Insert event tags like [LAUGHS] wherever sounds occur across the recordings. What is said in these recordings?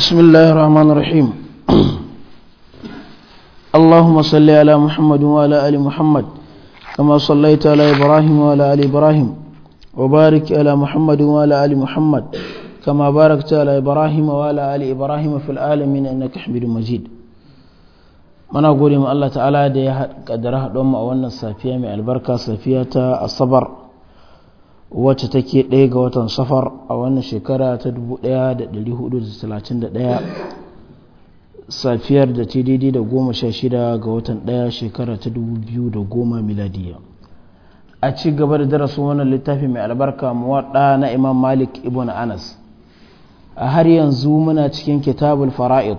بسم الله الرحمن الرحيم اللهم صل على محمد وعلى آل محمد كما صليت على إبراهيم وعلى آل إبراهيم وبارك على محمد وعلى آل محمد كما باركت على إبراهيم وعلى آل إبراهيم في العالمين إنك حميد مجيد من أقول الله تعالى دي قدره دوما أولنا السافية من البركة سافية الصبر wacce take ɗaya ga watan safar a wannan shekara ta 1431 safiyar da tdd da goma sha shida ga watan ɗaya shekara ta 2010 miladiya a ci gaba da darasin wannan littafi mai albarka muwaɗa na imam malik ibn anas a har yanzu muna cikin kitabul fara'id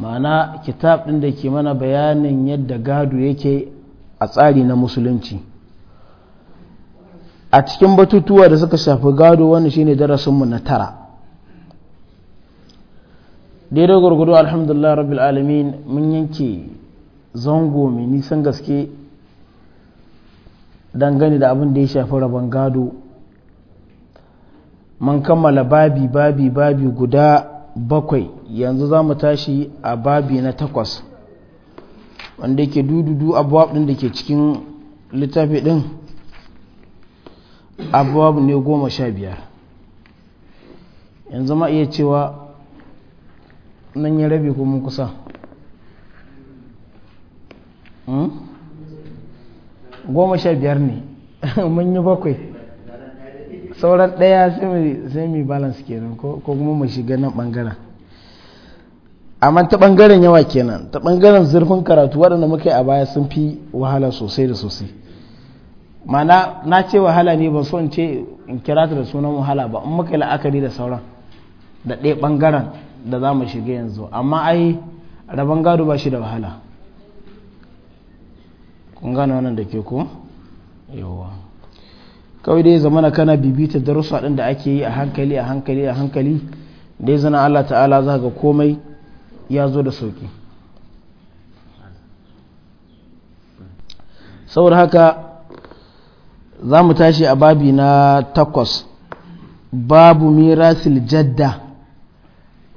ma'ana kitab ɗin da ke mana bayanin yadda gado yake a tsari na musulunci a cikin batutuwa da suka shafi gado wannan shine darasinmu na tara daidai gwargwado alhamdulillah rabbil alamin mun yanke zango mai nisan gaske dangane da abin da ya shafi rabon gado mun kammala babi babi babi guda bakwai yanzu za mu tashi a babi na takwas wanda yake dududu abuwa ɗin da ke cikin littafi ɗin abubuwa ne goma sha biyar yanzu ma iya cewa nan ya rabi ko mun kusa hmm? goma sha biyar ne [LAUGHS] mun yi bakwai sauran ɗaya sai mai balance kenan ko kuma mu shiga nan ɓangaren amma ta ɓangaren yawa kenan ta ɓangaren zurfin karatu waɗanda muka yi a baya sun fi wahala sosai da sosai mana na ce wahala ne ba son ce in kira ta da sunan wahala ba in muka la'akari da sauran da ɗaya ɓangaren da za mu shiga yanzu amma ai rabon gado ba shi da wahala kun gane wannan da ke ko yawa kawai dai na kana bibita rusa ɗin da ake yi a hankali a hankali a hankali dai zana Allah ta'ala za ga komai ya zo da sauki saboda haka za mu tashi a babi na takwas babu mirasil jadda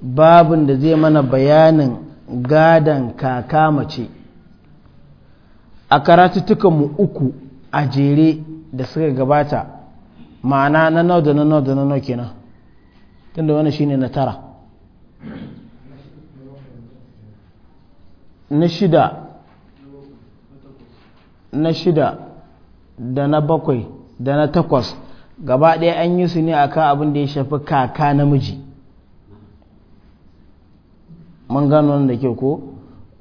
babin da zai mana bayanin gadon kaka mace a karatuttukanmu uku a jere da suka gabata ma'ana na nau da na nau da na nau kenan tunda wani shine na tara na shida na shida da na bakwai da na takwas gaba ɗaya an yi su ne akan abin da ya shafi kaka namiji mun gano wanda ke ko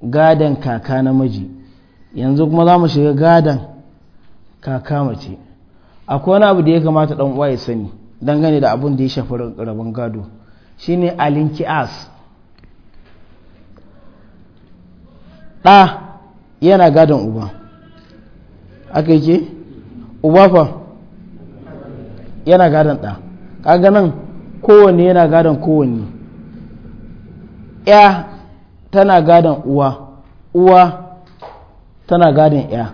gadon kaka namiji yanzu kuma za mu shiga gadon kaka mace akwai wani abu da ya kamata ɗan uwa ya sani dangane da abin da ya shafi rabin gado Shi ne alinki as ɗa yana gadon uba aka yake Ubafa yana gadon ɗa kaga nan kowanne yana gadon kowanne ya tana gadon uwa uwa tana gadon ya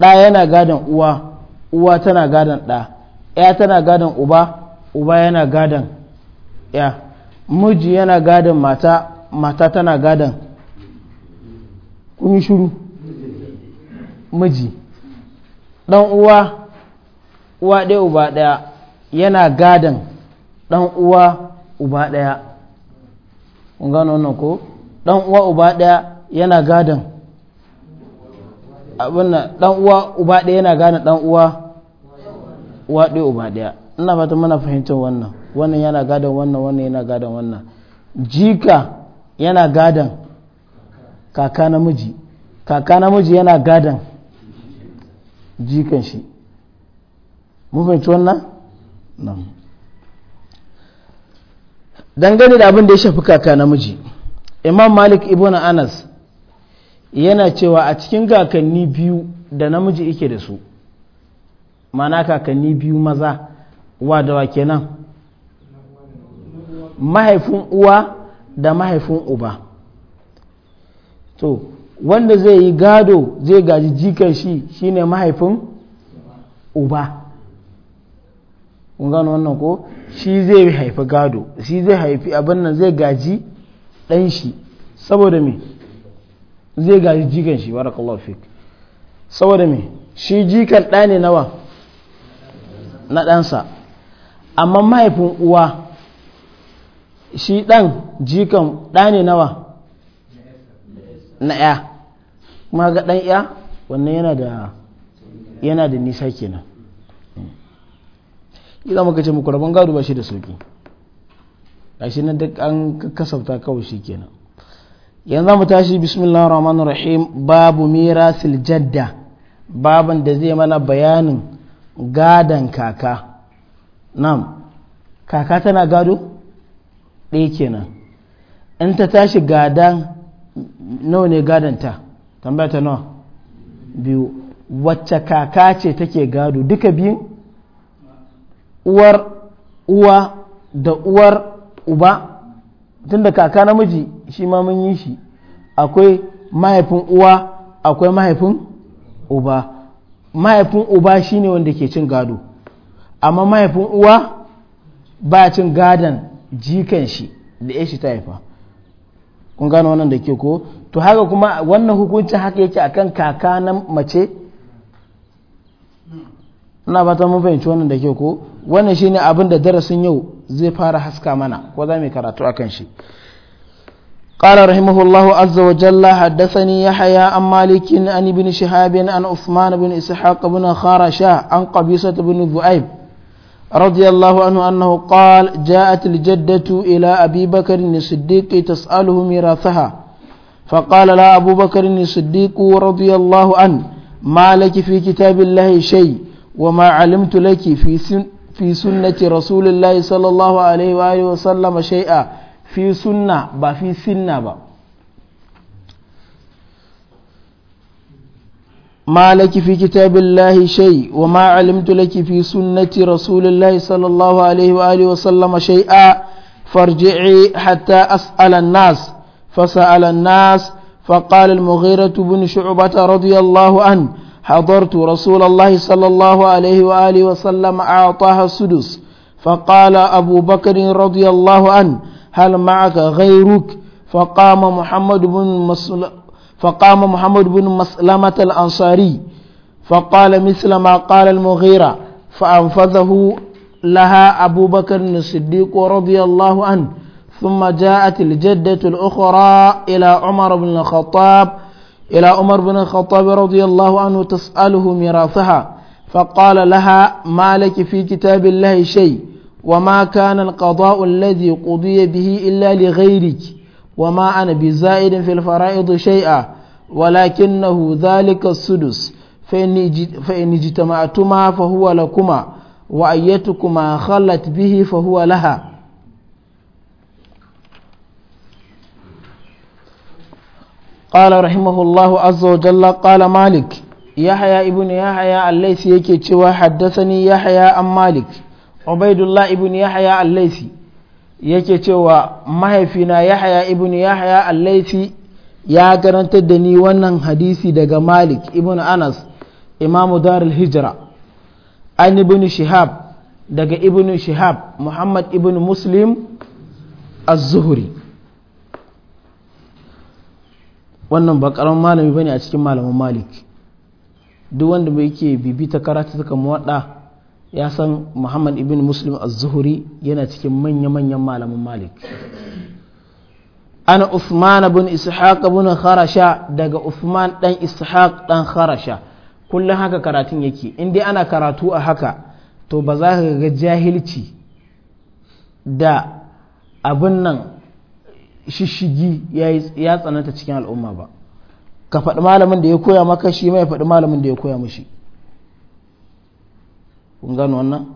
ɗa yana gadon uwa uwa tana gadon ɗa ya tana gadon uba uba yana gadon ya miji yana gadon mata mata tana gadon kun shuru miji ɗan uwa uwa ɗaya uba ɗaya yana gadon ɗan uwa uba ɗaya kun gano wannan ko ɗan uwa uba ɗaya yana gadon abinna ɗan uwa uba ɗaya yana gadan ɗan uwa uwa ɗaya uba ɗaya ina fata mana fahimtar wannan wannan yana gadan wannan wannan yana gadan wannan jika yana gadan kaka namiji kaka namiji yana gadan jikan shi mun fahimci wannan nan dangane da abin da ya shafi kaka namiji imam malik ibn anas yana cewa a cikin kakanni biyu da namiji yake da su mana kakanni biyu maza wa da wa kenan mahaifin uwa da mahaifin uba to wanda zai yi gado zai gaji jikan shi shine mahaifin uba kun gano wannan ko shi zai haifi gado shi zai haifi abinnan zai gaji ɗan shi saboda me zai gaji jikan shi barakallahu fik saboda me shi jikan ɗa ne nawa na ɗansa amma mahaifin uwa shi ɗan jikan ɗa ne nawa na ya kuma ga ɗan ya wannan yana da yana da nisa kenan idan muka ce muku rabon gado ba shi da sauki shi na duk an kasafta kawai shi kenan yanzu mu tashi bismillahir rahmanir rahim babu mirasil jadda baban da zai mana bayanin gadan kaka nam kaka tana gado ɗaya kenan in ta tashi gadan nawa ne gadanta tambaya ta nawa biyu wacce kaka ce take gado duka biyu uwar uwa da uwar uba tunda kaka namiji shi ma mun yi shi akwai mahaifin uwa akwai mahaifin uba mahaifin uba shine wanda ke cin gado amma mahaifin uwa ba cin gadon jikan shi da ya shi ta haifa kun gano wannan da ke ko to haka kuma wannan hukuncin haka yake akan kaka na mace ina fata mun fahimci wannan da ke ko wannan shine abin da darasin yau zai fara haska mana ko za mu karatu akan shi قال رحمه الله عز وجل حدثني يحيى عن مالك عن ابن شهاب عن عثمان بن اسحاق بن خارشة عن قبيصة بن ذؤيب رضي الله عنه أنه قال جاءت الجدة إلى أبي بكر الصديق تسأله ميراثها فقال لا أبو بكر الصديق رضي الله عنه ما لك في كتاب الله شيء وما علمت لك في سن في سنة رسول الله صلى الله عليه وآله وسلم شيئا في سنة با في سنة با ما لك في كتاب الله شيء وما علمت لك في سنة رسول الله صلى الله عليه وآله وسلم شيئا فارجعي حتى أسأل الناس فسأل الناس فقال المغيرة بن شعبة رضي الله عنه حضرت رسول الله صلى الله عليه وآله وسلم أعطاها السدس فقال أبو بكر رضي الله عنه هل معك غيرك فقام محمد بن مسلم فقام محمد بن مسلمة الأنصاري فقال مثل ما قال المغيرة فأنفذه لها أبو بكر الصديق رضي الله عنه ثم جاءت الجدة الأخرى إلى عمر بن الخطاب إلى عمر بن الخطاب رضي الله عنه تسأله ميراثها فقال لها ما لك في كتاب الله شيء وما كان القضاء الذي قضي به إلا لغيرك وما أنا بزائد في الفرائض شيئا ولكنه ذلك السدس فإن اجتمعتما فهو لكما وأيتكما خلت به فهو لها قال رحمه الله عز وجل قال مالك يحيى ابن يحيى الليثي يكي حدثني يحيى عن مالك عبيد الله ابن يحيى الليثي yake cewa mahaifina yahaya ibn yahaya allaifi ya karantar da ni wannan hadisi daga malik ibn anas imamu darul hijira an ibn shihab daga ibn shihab muhammad ibn muslim az-zuhri wannan ba karamin malami bane a cikin malaman malik duk wanda bai ke bibita karatu suka muwadda ya san muhammad ibn muslim az-zuhri yana cikin manya-manyan malamin malik ana usman ibn ishaq ibn kharasha daga usman dan ishaq dan kharasha kullum haka karatun yake in dai ana karatu a haka to ba za ka ga jahilci da abin nan shishigi ya tsananta cikin al'umma ba ka faɗi malamin da ya koya maka shi mai faɗi malamin da ya koya mashi kun gano wannan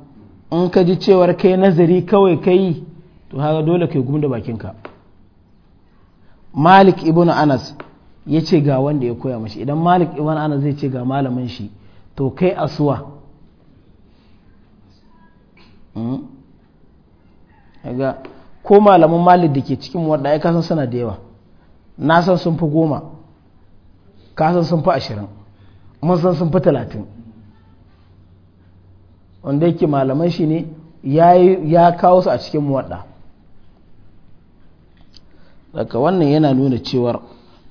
in ka ji cewar kai nazari kawai kai to haka dole kai gumda bakinka malik ibn anas ya ce ga wanda ya koya mashi idan malik ibn anas zai ce ga malamin shi to kai asuwa hmm? ko malamin malik da ke cikin wadda ya kasan suna da yawa na san sun fi goma kasan sun fi ashirin mun san sun fi talatin wanda yake malaman shi ne ya kawo su a cikin muwadda daga wannan yana nuna cewar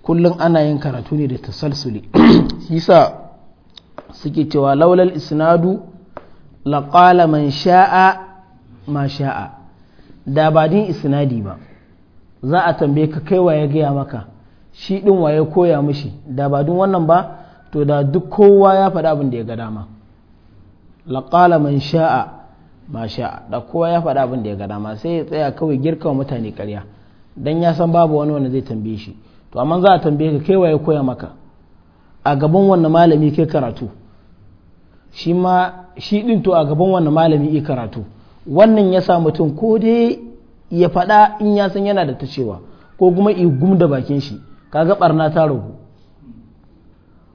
kullum ana yin karatu ne da tasalsuli yasa [CLEARS THROAT] suke cewa laulal isnadu laƙala man sha'a ma sha'a da ba din isnadi ba za a tambaye ka kai waye gaya maka shi ɗin waye koya mushi da ba din wannan ba to da duk kowa ya faɗa abin da ya ga dama laƙala man sha'a ma sha'a da kowa ya faɗa abin da ya ga dama sai ya tsaya kawai girka wa mutane karya don ya san babu wani wanda zai tambaye shi to amma za a tambaye ka kai ya koya maka a gaban wannan malami kai karatu shi ma shi din a gaban wannan malami i karatu wannan ya sa mutum ko dai ya faɗa in ya san yana da ta cewa ko kuma i gum da bakin shi kaga ɓarna ta ragu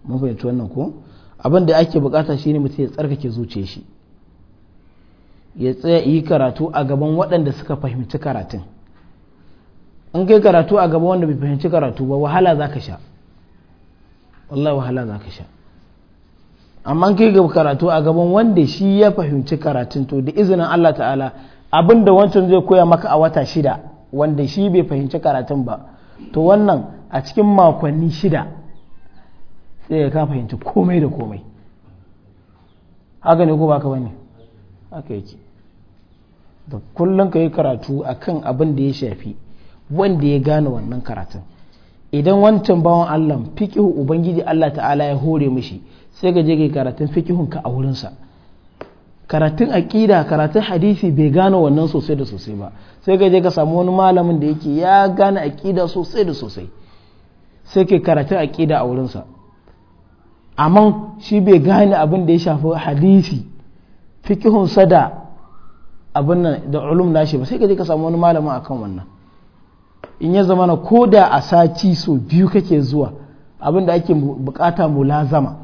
mun wannan ko abin da ake bukata shine mutum ya tsarkake zuce shi ya tsaya yi karatu a gaban waɗanda suka fahimci karatun in kai karatu a gaban wanda bai fahimci karatu ba wahala za ka sha wallahi wahala za ka sha amma in kai karatu a gaban wanda shi ya fahimci karatun to da izinin Allah ta'ala abin da wancan zai koya maka a wata shida wanda shi bai fahimci karatun ba to wannan a cikin makonni shida sai ka fahimci komai da komai haka ne ko ba ka bane haka yake da kullum ka yi karatu a kan abin da ya shafi wanda ya gane wannan karatun idan wancan bawan allah fikihu ubangiji allah ta'ala ya hore mishi sai ga je ka yi karatun a wurinsa karatun aƙida karatun hadisi bai gane wannan sosai da sosai ba sai ka je ka samu wani malamin da yake ya gane aƙida sosai da sosai sai ka karatun aƙida a wurinsa amma shi bai gane abin da ya shafi hadisi fikihunsa da abin nan da ulum nashi ba sai ka je ka samu wani malamin akan wannan in ya zama na ko da a sati so biyu kake zuwa abin da ake bukata mulazama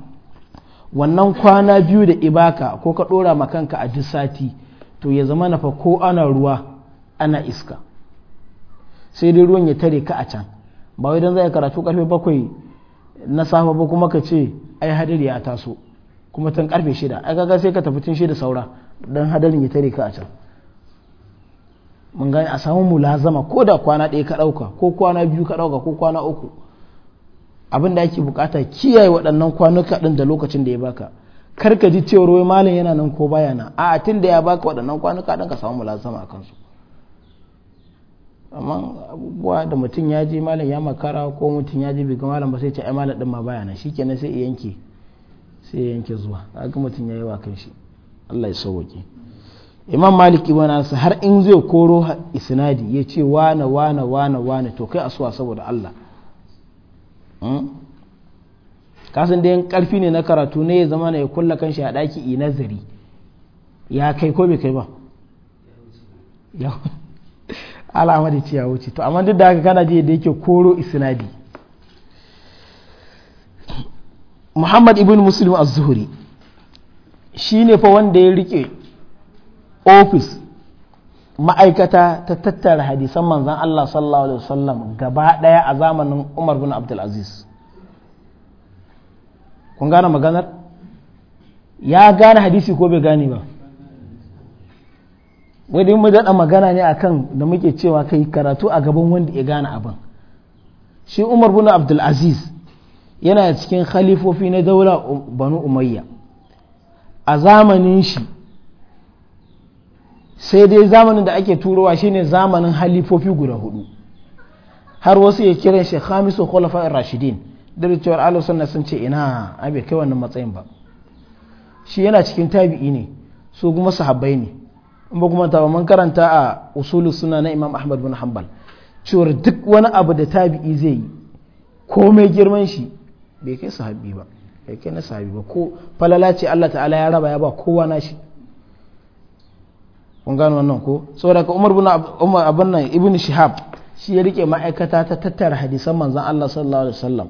wannan kwana biyu da ibaka ko ka dora ma kanka a duk sati to ya zama na fa ko ana ruwa ana iska sai dai ruwan ya tare ka a can ba wai dan zai karatu karfe bakwai na safe ba kuma ka ce ai hadari ya taso kuma tun karfe shida ai kaga sai ka tafi tun shida saura dan hadarin ya tare ka a can mun gani a samu mulazama ko da kwana ɗaya ka ɗauka ko kwana biyu ka ɗauka ko kwana uku abin da ake bukata kiyaye waɗannan kwanuka ɗin da lokacin da ya baka kar ka ji cewar wai malam yana nan ko baya na a tun da ya baka waɗannan kwanuka ɗin ka samu mulazama a kansu amma abubuwa da mutum ya ji malam ya makara ko mutum ya ji bai malam ba sai ce ai malam din ma baya nan shikenan sai yanke sai yanke zuwa kaga mutum yayi wa kanshi Allah ya sauke Imam Malik ibn Anas har in zai koro isnadi ya ce wana wana wana wana to kai asuwa saboda Allah hmm? kasan da yan karfi ne na karatu ne ya zama na ya kulla kanshi a daki i nazari ya kai ko bai kai ba al'amari da ya wuce to amma duk da haka kana ji da yake koro isnadi muhammad ibn muslim az-zuhri shi ne fa wanda ya rike ofis ma'aikata ta tattara hadisan manzon Allah sallallahu alaihi wasallam gaba daya a zamanin Umar bin Abdul Aziz kun gane maganar ya gane hadisi ko bai gane ba wadda mu daɗa magana ne akan da muke cewa ka yi karatu a gaban wanda ya gane abin shi umar bin abdulaziz yana cikin khalifofi na daula um, banu umayya a zamanin shi sai dai zamanin da ake turowa shine zamanin halifofi guda hudu har wasu ya kiran shi hamisu khulafa rashidin da cewar alusunna sun ce ina abe kai wannan matsayin ba shi yana cikin tabi'i ne su kuma sahabbai ne in ba kuma ta man karanta a usulu suna na imam ahmad bin hanbal cewar duk wani abu da tabi'i zai yi ko mai girman shi bai kai sahabi ba bai kai na sahabi ba ko falala ce Allah ta'ala ya raba ya ba kowa na shi kun gano wannan ko saboda ka umar bin abin nan ibnu shihab shi ya rike ma'aikata ta tattara hadisan manzon Allah sallallahu alaihi wasallam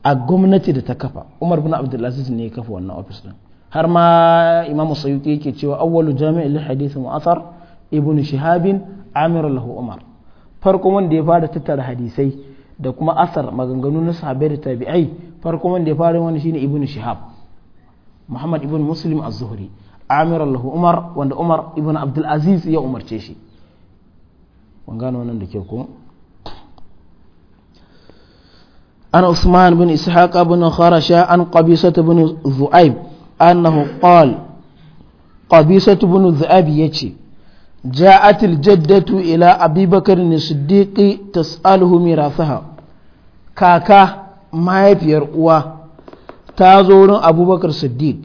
a gwamnati da ta kafa umar bin abdulaziz ne ya kafa wannan ofis. din har ma imam sayyuti yake cewa awwalu jami'i lil hadith mu'athar ibn shihab amir lahu umar farko wanda ya fara tattara hadisai da kuma asar maganganu na sahabbai da tabi'ai farko wanda ya fara wani shine ibn shihab muhammad ibn muslim az-zuhri amir lahu umar wanda umar ibn abdul aziz ya umarce shi mun gano wannan da ke ko أنا عثمان بن إسحاق بن خرشة عن قبيصة بن ذؤيب annahu qal qabisatu ibn dhu'ab yace جاءت الجدة إلى أبي ne الصديق ta ميراثها كاكا Kaka mahaifiyar uwa ta zo wurin abubakar siddiq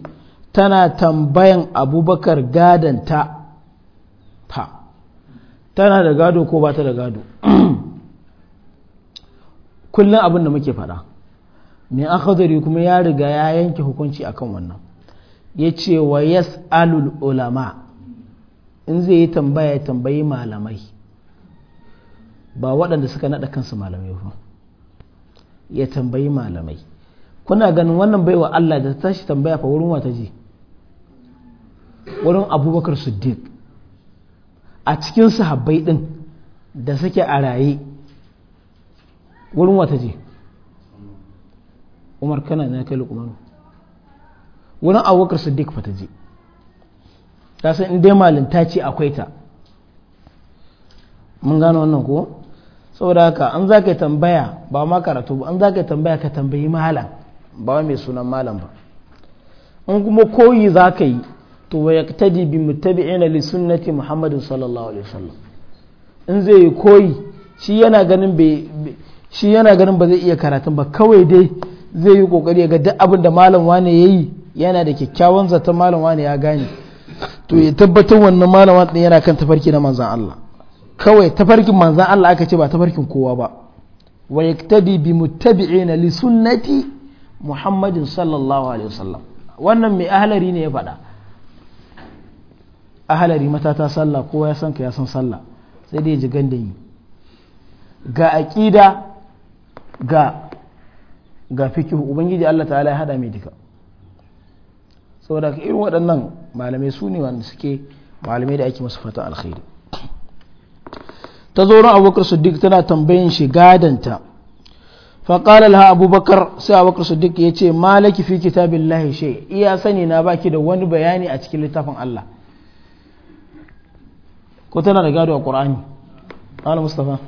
tana tambayan abubakar gadon ta tana da gado ko ba ta da gado [CLEARS THROAT] kullum abin da muke faɗa mai akhadari kuma ya riga ya yanke hukunci akan wannan ya ce wa yas'alul ulama in zai yi tambaya ya tambayi malamai ba waɗanda suka naɗa kansu malamai ba ya tambayi malamai kuna ganin wannan bai wa Allah da ta tashi tambaya fa wurin wata ji wurin abubakar siddiq a cikin sahabbai ɗin da suke a raye wurin wata ji umar kana na kai lukumanu wurin abubakar siddiq fa ta je ta san in dai malinta ce akwai ta mun gano wannan ko saboda haka an za ka tambaya ba ma karatu ba an za ka tambaya ka tambayi malam ba mai sunan malam ba in kuma koyi za ka yi to wa yaktadi bi muttabi'ina li sunnati muhammadin sallallahu alaihi wasallam in zai yi koyi shi yana ganin bai shi yana ganin ba zai iya karatun ba kawai dai zai yi kokari ga duk abin da malam wane yayi yana da kyakkyawan zaton malam wani ya gane to ya tabbatar wannan malam wani yana kan tafarki na manzan Allah kawai tafarkin manzan Allah aka ce ba tafarkin kowa ba wa yaktabi bi muttabi'ina li sunnati muhammadin sallallahu alaihi wasallam wannan mai ahalari ne ya faɗa ahalari matata sallah kowa ya san ka ya san sallah sai dai ji gandan yi ga aqida ga ga fikihu ubangiji Allah ta'ala ya hada mai duka saboda irin waɗannan malamai su ne wanda suke malamai da ake masu fata alkhairi ta zo ran abubakar siddiq tana tambayin shi gadanta faƙalar ha abubakar sai abubakar siddiq ya ce malaki fi kitabin lahi she iya sani na baki da wani bayani a cikin littafin allah ko tana da gado a ƙur'ani ala mustafa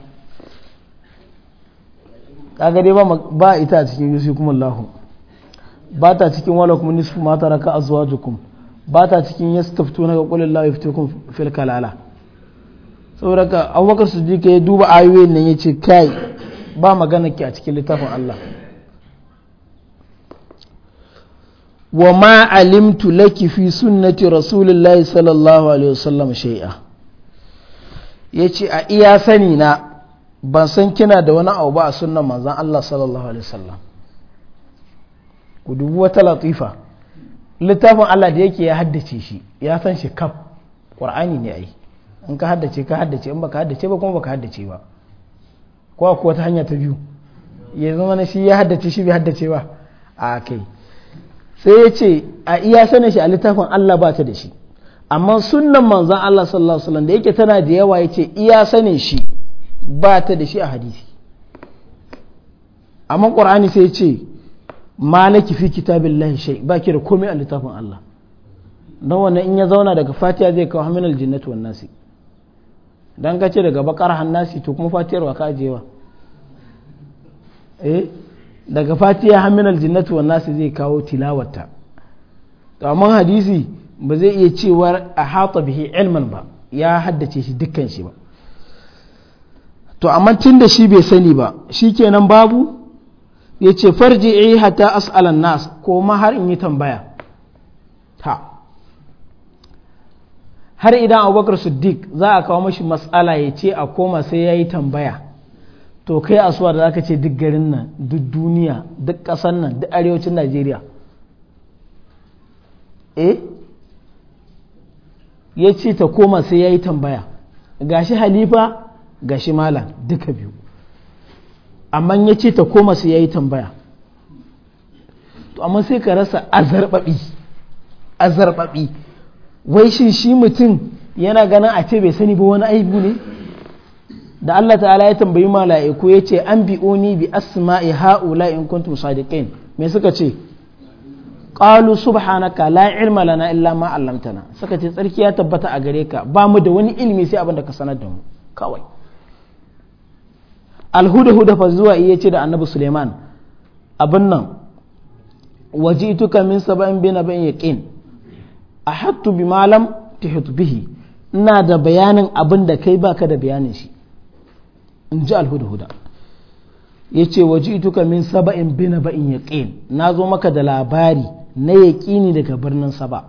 kaga ba ita a cikin yusuf kuma ba ta cikin wala kuma nisfu ma taraka azwajukum ba ta cikin yastaftu na qul la yaftukum fil kalala saboda ka Abubakar Siddiq ya duba ayoyin nan yace kai ba magana ki a cikin littafin Allah wa ma alimtu laki fi sunnati rasulillahi sallallahu alaihi wasallam shay'a yace a iya sani na ban san kina da wani abu ba a sunnan manzon Allah sallallahu alaihi wasallam ku dubu wata latifa littafin Allah da yake ya haddace shi ya san shi kaf qur'ani ne ai in ka haddace ka haddace in baka haddace ba kuma baka haddace ba ko akwai wata hanya ta biyu ya zama na shi ya haddace shi bai haddace ba a kai sai ya ce a iya sanin shi a littafin Allah ba ta da shi amma sunnan manzan Allah sallallahu alaihi wasallam da yake tana da yawa yace iya sanin shi ba ta da shi a hadisi amma qur'ani sai ya ce ma malaki fi kitabillahi ba baki da komai a littafin Allah don wannan in ya zauna daga fatiha zai kawo haminal jinnatu wan nasi dan ka ce daga bakar hannasi to kuma fatiyar wa ka ajewa eh daga fatiya haminal jinnatu wan nasi zai kawo tilawata to amma hadisi ba zai iya cewa a hata bihi ilman ba ya haddace shi dukkan shi ba to amma tun da shi bai sani ba shi kenan babu ya ce yi hata as'alan nas ko ma har in yi tambaya ta har idan abubakar siddiq za a kawo mashi matsala ya ce a koma sai ya yi tambaya to kai suwa da zaka ce duk garin nan duk duniya duk kasan nan duk arewacin najeriya eh ya ce ta koma sai ya yi tambaya gashi halifa gashi malam duka biyu amma ya ce ta koma su ya yi tambaya to amma sai ka rasa azarbabi azarbabi wai shin shi mutum yana ganin a ce bai sani ba wani aibu ne da Allah ta'ala ya tambayi mala'iku ya ce an oni bi asma'i ha'ula in kuntum sadiqin me suka ce qalu subhanaka la ilma lana illa ma 'allamtana suka ce tsarki ya tabbata a gare ka ba mu da wani ilimi sai abin da ka sanar da mu kawai alhuda-huda fa zuwa iya ce da annabi suleiman abin nan waje ituka min saba'in bin na bayan yaƙin a hattu bi malam ta bihi ina da bayanin abin da kai baka da bayanin shi in ji alhuda-huda ya ce waje ituka min saba'in bin na bayan yaƙin na zo maka da labari na yaƙini daga birnin saba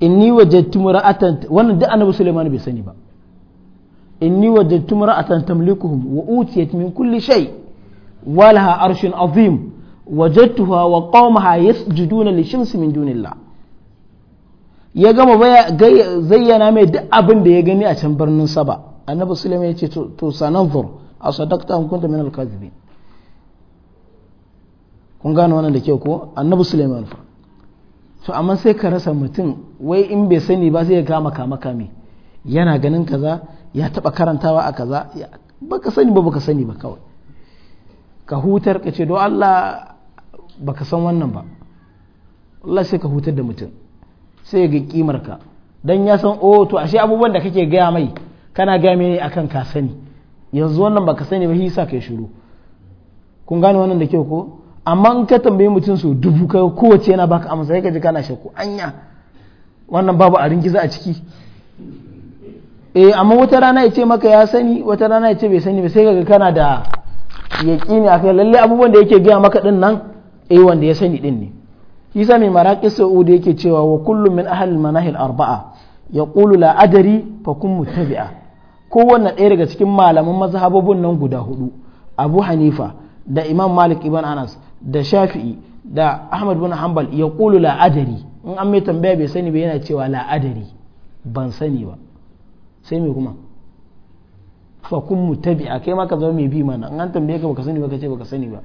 inni wajattu mura'atan wannan duk annabi suleiman bai sani ba inni wajadtu mar'atan tamlikuhum wa utiyat min kulli shay wa laha arshun azim wajadtuha wa qaumaha yasjuduna lishamsi min dunillah ya gama zayyana mai duk abin da ya gani a can birnin saba annabi sulaiman ya ce to sananzur a sadakta an kunta min alkazibin kun gane wannan da ke ko annabi sulaiman fa to amma sai ka rasa mutum wai in bai sani ba sai ya kama kama kame yana ganin kaza ya taba karantawa a kaza baka sani ba baka sani ba kawai ka hutar ka ce don Allah ba ka san wannan ba Allah sai ka hutar da mutum sai ga kimar ka dan ya san oh to ashe abubuwan da kake gaya mai kana gaya mai akan ka sani yanzu wannan ba ka sani ba hisa kai shiru kun gane wannan da kyau ko amma in ka tambayi mutum su dubu kai kowace yana baka amsa sai ka ji kana shakku anya wannan babu a ringiza a ciki eh amma wata rana ya ce maka ya sani wata rana ya ce bai sani ba sai kaga kana da yaƙini akai lalle abubuwan da yake gaya maka din nan eh wanda ya sani din ne sa mai maraƙi da yake cewa wa kullum min ahal manahil arba'a ya ƙulu la adari fa kun mutabi'a kowanne ɗaya daga cikin malaman mazhabobin nan guda hudu abu hanifa da imam malik ibn anas da shafi'i da ahmad bin hanbal ya ƙulu la adari in an mai tambaya bai sani ba yana cewa la adari ban sani ba sai me kuma fa kun a kai maka zama mai bi mana an an tambaye ka baka sani ba ce baka sani ba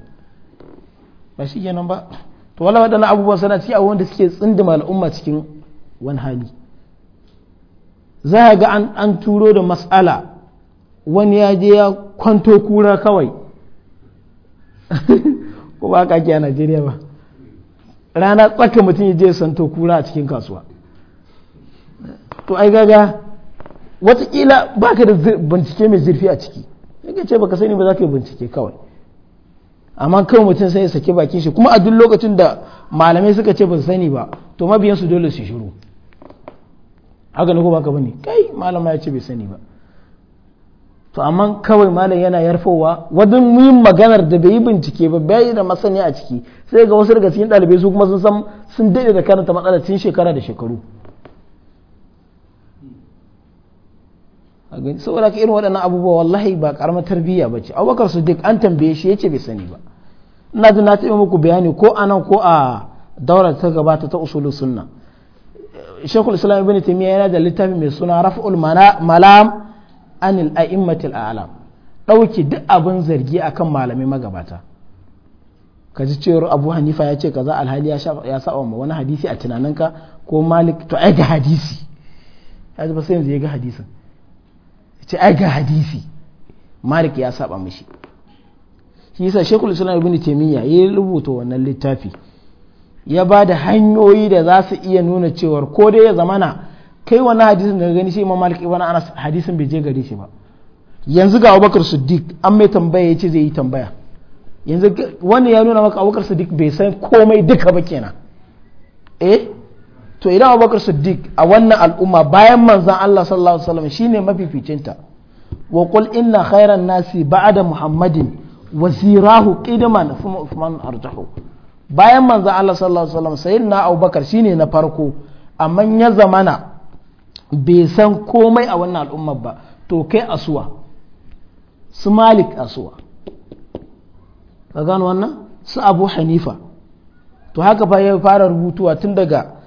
ba shi kenan ba to wala waɗannan abubuwan sana ci abubuwan da suke tsindima al'umma cikin wani hali za a ga an turo da matsala wani ya je ya kwanto kura kawai [LAUGHS] ko ba ka a najeriya ba rana tsaka mutum ya je santo kura a cikin kasuwa to ai gaga watakila ba ka da bincike mai zurfi a ciki yake ce baka sani ba za ka yi bincike kawai amma kawai mutum sai ya sake bakin shi kuma a duk lokacin da malamai suka ce ba su sani ba to mabiyan su dole su shiru haka ne ko baka bane kai malama ya ce bai sani ba to amma kawai malam yana yarfowa wajen yin maganar da bai yi bincike ba bai da masani a ciki sai ga wasu daga cikin ɗalibai su kuma sun san sun daɗe da karanta matsalar tun shekara da shekaru saboda ka irin waɗannan abubuwa wallahi ba karamar tarbiyya ba ce abubakar su duk an tambaye shi ya ce bai sani ba ina jin na taɓa muku bayani ko a nan ko a daura ta gabata ta usulu sunna shekul islam ibn taimiyya yana da littafi mai suna raf'ul malam anil a'immatil a'lam ɗauki duk abin zargi akan malamai magabata ka ji cewar abu hanifa ya ce kaza alhali ya sa wa wani hadisi a tunaninka ko malik to ai ga hadisi ya ba sai yanzu ya ga hadisin ce ai ga hadisi malik ya saba mishi shi yasa shekul islam ibn taymiya ya rubuta wannan littafi ya ba da hanyoyi da za su iya nuna cewar ko dai ya zamana kai wani hadisin daga gani shi imam malik ibn anas hadisin bai je gare shi ba yanzu ga abubakar siddiq an mai tambaya ya ce zai yi tambaya yanzu wannan ya nuna maka abubakar siddiq bai san komai duka ba kenan eh to idan abubakar siddiq a wannan al'umma bayan manzan allah sallallahu alaihi wasallam shine mafificinta wa qul inna khairan nasi ba'da muhammadin wasirahu qidman fuma usman arjahu bayan manzan allah sallallahu alaihi wasallam na abubakar shine na farko amma ya zamana bai san komai a wannan al'umma ba to kai asuwa su malik asuwa ka gano wannan su abu hanifa to haka fa ya fara rubutuwa tun daga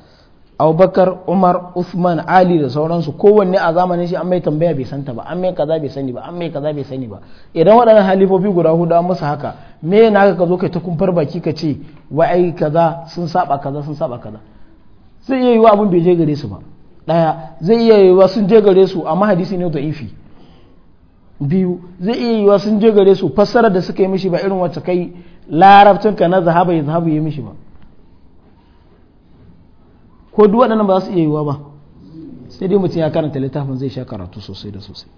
abubakar umar usman ali da sauransu kowanne a zamanin shi an mai tambaya bai santa ba an mai kaza bai sani ba an mai kaza bai sani ba idan waɗannan halifofi guda hudu an musu haka me na ka zo kai ta kumfar baki ka ce wai kaza sun saba kaza sun saba kaza zai iya yiwa abin bai je gare su ba ɗaya zai iya yiwa sun je gare su amma hadisi ne da ifi biyu zai iya yiwa sun je gare su fassarar da suka yi mishi ba irin wacce kai larabcinka na zahaba ya zahabu ya mishi ba ko duk waɗannan ba za su iya yiwuwa ba sai dai mutum ya karanta littafin zai sha karatu sosai da sosai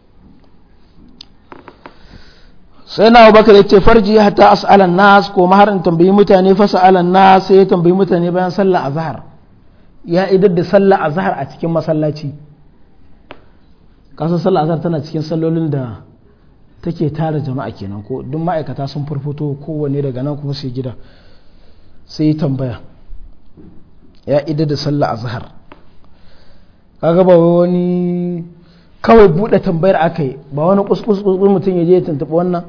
sai na abubakar ya ce farji hatta as'alan nas ko mahar in tambayi mutane fa alan nas sai ya tambayi mutane bayan sallah azhar ya idar da sallah azhar a cikin masallaci kasan sallah azhar tana cikin sallolin da take tara jama'a kenan ko duk ma'aikata sun farfoto kowanne daga nan kuma sai gida sai tambaya ya ida da sallah azhar kaga ba wani kawai bude tambayar aka yi ba wani kuskus mutum ya je ya tuntuɓi wannan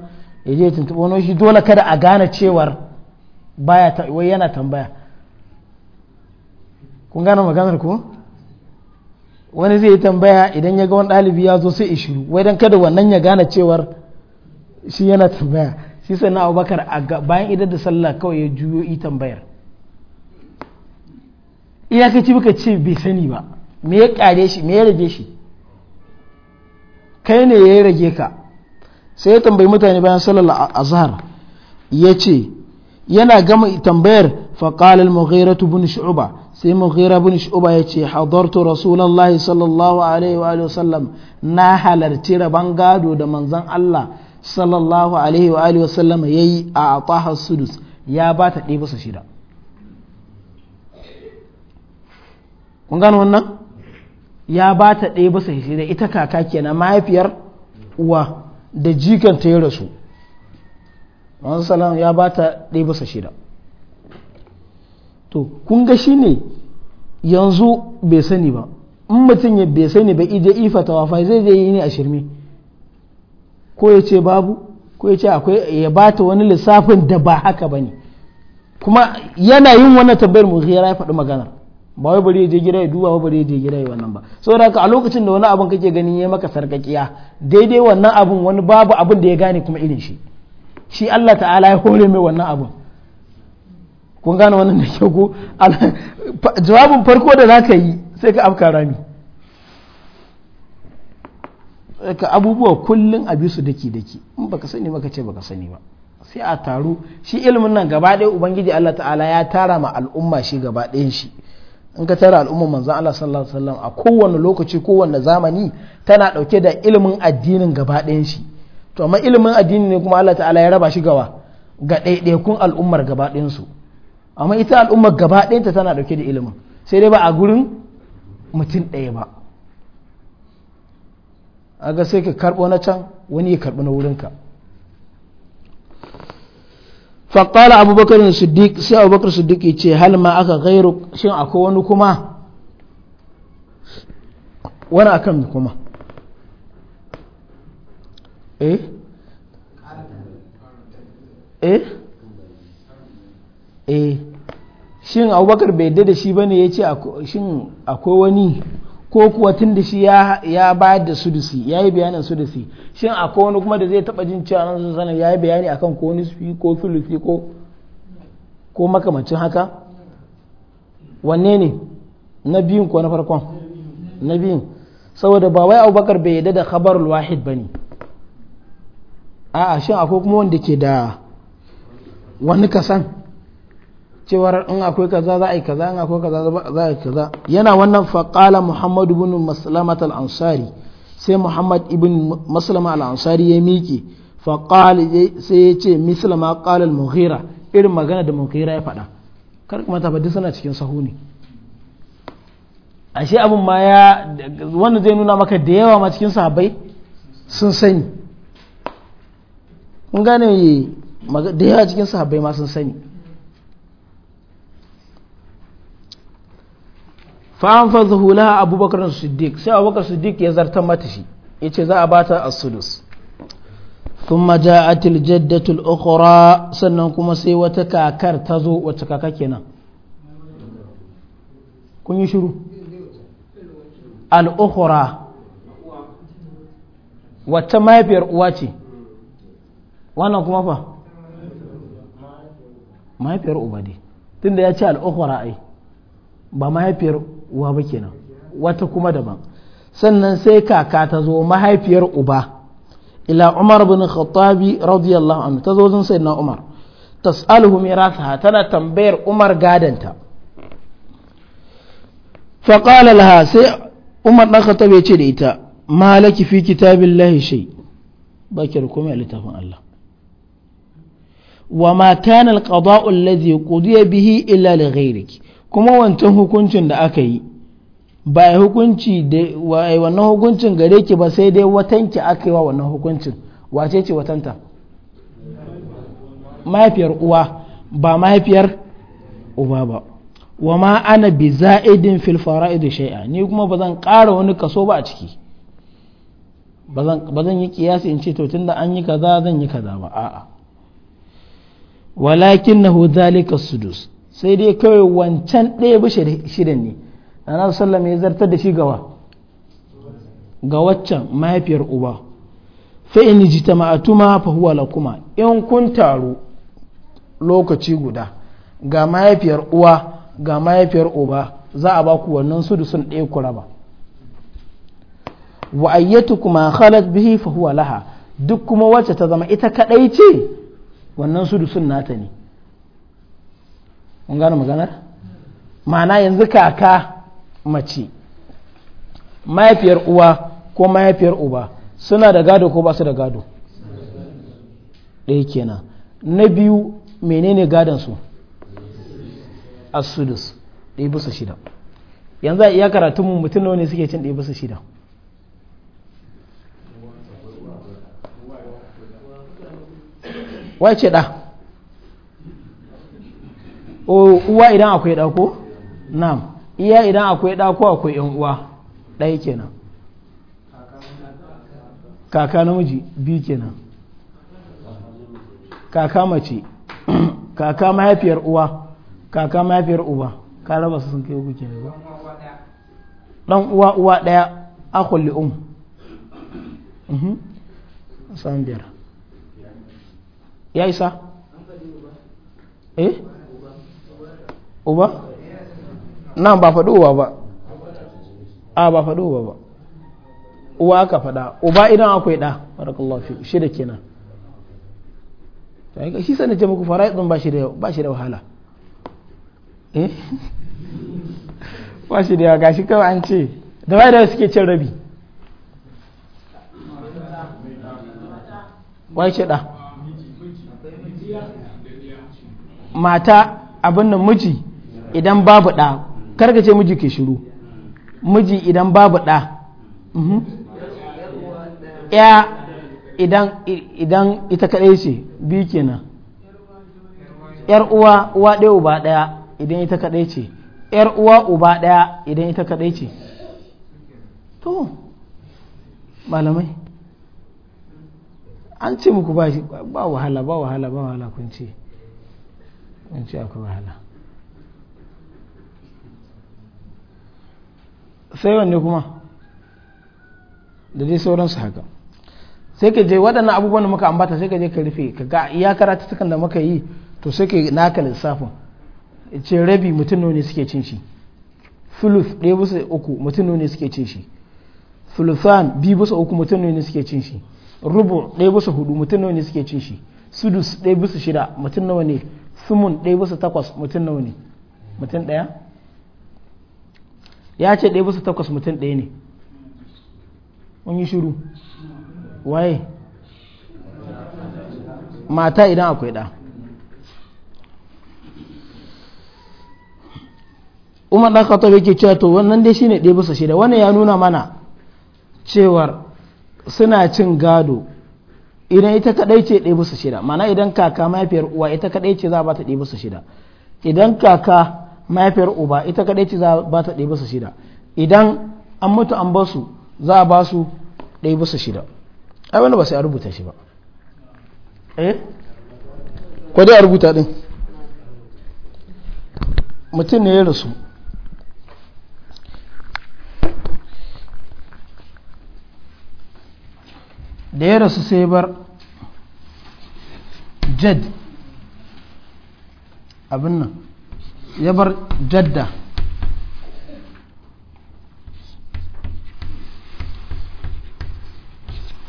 ya je ya tuntuɓi wani shi dole kada a gane cewar baya wai yana tambaya kun gane maganar ko wani zai yi tambaya idan ya ga wani ɗalibi ya zo sai shiru wai dan kada wannan ya gane cewar shi yana tambaya shi sai na abubakar bayan idan da sallah kawai ya juyo yi tambayar iya ka ci baka ce bai sani ba me ya kare shi me ya rage shi kai ne ya rage ka sai ya tambayi mutane bayan sallar azhar ya ce yana gama tambayar faƙalar mughira bin shu'uba sai mughira bin shu'uba ya ce hadartu rasulallah sallallahu alaihi wa sallam na halarci rabon gado da manzon Allah sallallahu alaihi wa sallam ya yi a atahar sudus ya ba ta ɗaya shida mun gano wannan ya ba ta ɗaya bisa da ita kaka kenan mahaifiyar uwa da jikan ta ya rasu wanzu salam ya ba ta ɗaya bisa shida to kun ga shi ne yanzu bai sani ba in mutum ya bai sani ba ije ifa ta wafa zai zai yi ne a shirme ko ya ce babu ko ya ce akwai ya ba ta wani lissafin da ba haka ba ne kuma yana yin wannan tabbayar mu ya faɗi maganar ba wai bari ya je gida ya duba ba bari ya je gida ya wannan ba saboda haka a lokacin da wani abin kake ganin ya maka sarkakiya daidai wannan abin wani babu abin da ya gane kuma irin shi shi Allah ta'ala ya hore mai wannan abin kun gane wannan da kyau ko jawabin farko da zaka yi sai ka afka rami ka abubuwa kullun a bisu daki daki in baka sani ba ka ce baka sani ba sai a taru shi ilimin nan gaba ɗaya ubangiji Allah ta'ala ya tara ma al'umma shi gaba ɗayan shi in ka tara al'ummar manzan Allah sallallahu alaihi wasallam a kowane lokaci kowane zamani tana dauke da ilimin addinin gaba ɗayan shi to amma ilimin addini ne kuma Allah ta'ala ya raba shi gawa ga ɗaiɗaikun al'ummar gaba ɗayan su amma ita al'ummar gaba ɗayanta tana dauke da ilimin sai dai ba a gurin mutum ɗaya ba aga sai ka karɓo na can wani ya karɓi na wurinka faƙala abubakar siddiq sai abubakar siddiq ya ce hal ma aka gairu shin wani kuma wani akan kuma eh eh eh shin abubakar bai yadda da shi bane ya ce shin wani ko kuwa tun da shi ya bayar da sudusi ya yi bayanin sudusi shin akwai wani kuma da zai taba jin cewa nan sanar ya yi bayani akan ko nisfi ko filifi ko ko makamacin haka wanne ne na biyun ko na farkon na biyun saboda ba wai abubakar bai yadda da khabarul wahid ba ne a'a shin akwai kuma wanda ke da wani kasan cewa in akwai kaza za a yi kaza in akwai kaza za a yi kaza yana wannan faƙala muhammad ibn maslamat al-ansari sai muhammad ibn maslama al-ansari ya miƙe faƙali sai ya ce mislama ƙala al-mughira irin magana da mughira ya faɗa kar kuma tafi suna cikin sahu ne ashe abin ma ya wanda zai nuna maka da yawa ma cikin sahabbai sun sani kun gane da yawa cikin sahabbai ma sun sani hula laha abubakar siddiq sai abubakar siddiq ya zartar mata shi ya ce za a bata ta asulus sun maja a jaddatu al sannan kuma sai wata kakar ta zo wata kaka kenan kun yi shiru al-ukhra wata mahaifiyar uwa ce wannan kuma fa mahaifiyar uba tun tunda ya ce al ai ba mahaifiyar uwa ba kenan wata kuma daban sannan sai kaka ta zo mahaifiyar uba ila umar bin khattabi radiyallahu anhu ta zo zan sai na umar tas'aluhu mirasaha tana tambayar umar gadanta fa qala laha sai umar dan khattab ya ce da ita malaki fi kitabillahi shay ba ki komai littafin Allah wa ma kana al-qada'u alladhi qudiya bihi illa li ghayriki kuma wancan hukuncin da aka yi ba hukunci da wannan hukuncin gare ki ba sai dai watanki aka yi wa wannan hukuncin wace ce watanta mahaifiyar uwa ba mahaifiyar uba ba wa ma ana bi za'idin fil fara'id shay'a ni kuma ba zan ƙara wani kaso ba a ciki ba zan yi kiyasi in ce to tunda an yi kaza zan yi kaza ba a'a walakin na zalika sudus sai dai kawai wancan ɗaya bi shidan ne na sallama ya zartar da shi gawa ga waccan mahaifiyar uba fa in fa huwa lakuma in kun taru lokaci guda ga mahaifiyar uwa ga mahaifiyar uba za a ba ku wannan su da sun ɗaya ku raba wa ayyatu kuma khalat bihi fa huwa laha duk kuma wacce ta zama ita kadai ce wannan su da sun nata ne mun gane maganar ma'ana yanzu kaka mace mahaifiyar uwa ko mahaifiyar uba suna da gado ko ba su da gado ɗaya kenan na biyu menene gadon su asudus ɗaya bisa shida yanzu a iya karatun mutum ne suke cin ɗaya bisa shida wace ɗa uwa idan akwai ɗako na'am iya idan akwai ɗako akwai yan uwa ɗaya kenan kaka namiji biyu kenan kaka mace [CLEARS THROAT] kaka mahaifiyar uwa kaka mahaifiyar uba ka raba su sun kai uku kenan ba dan uwa uwa ɗaya akwai li'um um. mhm. san biyar ya isa eh uba nan ba faɗi uba ba a ba faɗi uba ba uwa aka faɗa uba idan akwai ɗa barakallahu fi shida kenan to shi sanin ce muku fara'idun ba shi da ba shi da wahala eh [LAUGHS] ba shi da gashi kawai an ce da bai da suke cin rabi wai ce ɗa mata abin nan miji idan babu ɗa karka ce miji ke shiru miji idan babu ɗa mhm. ya idan ita kaɗai ce biyu kenan yar uwa uwa ɗaya uba ɗaya idan ita kaɗai ce yar uwa uba ɗaya idan ita kaɗai ce to malamai an ce muku ba wahala ba wahala ba wahala kun ce akwai wahala sai wanne kuma da dai sauransu haka sai ka je waɗannan abubuwan da muka ambata sai ka je ka rufe ka ga karatu karatutukan da muka yi to sai ka naka lissafin ce rabi mutum ne suke cin shi fulus ɗaya bisa uku mutum ne suke cin shi fulusan biyu bisa uku mutum ne suke cin shi rubu ɗaya bisa hudu mutum ne suke cin shi sudus ɗaya bisa shida mutum nawa ne sumun ɗaya bisa takwas mutum nawa ne mutum ɗaya ya ce ɗaya bisa takwas mutum ɗaya ne mun yi shiru waye mata idan akwai ɗa umar ɗan khattab yake cewa to wannan dai shi ne ɗaya bisa shida wannan ya nuna mana cewar suna cin gado idan ita kadai ce ɗaya bisa shida mana idan kaka mahaifiyar uwa ita kaɗai ce za a ta ɗaya bisa shida idan kaka mahaifiyar uba ita kadai ce za ba ta ɗaya bisa shida idan an mutu an basu za a ba su ɗaya bisa shida ai wanda ba sai a rubuta shi ba eh ko dai a rubuta din mutum ne ya rasu da ya rasu sai bar jad abin nan ya bar jadda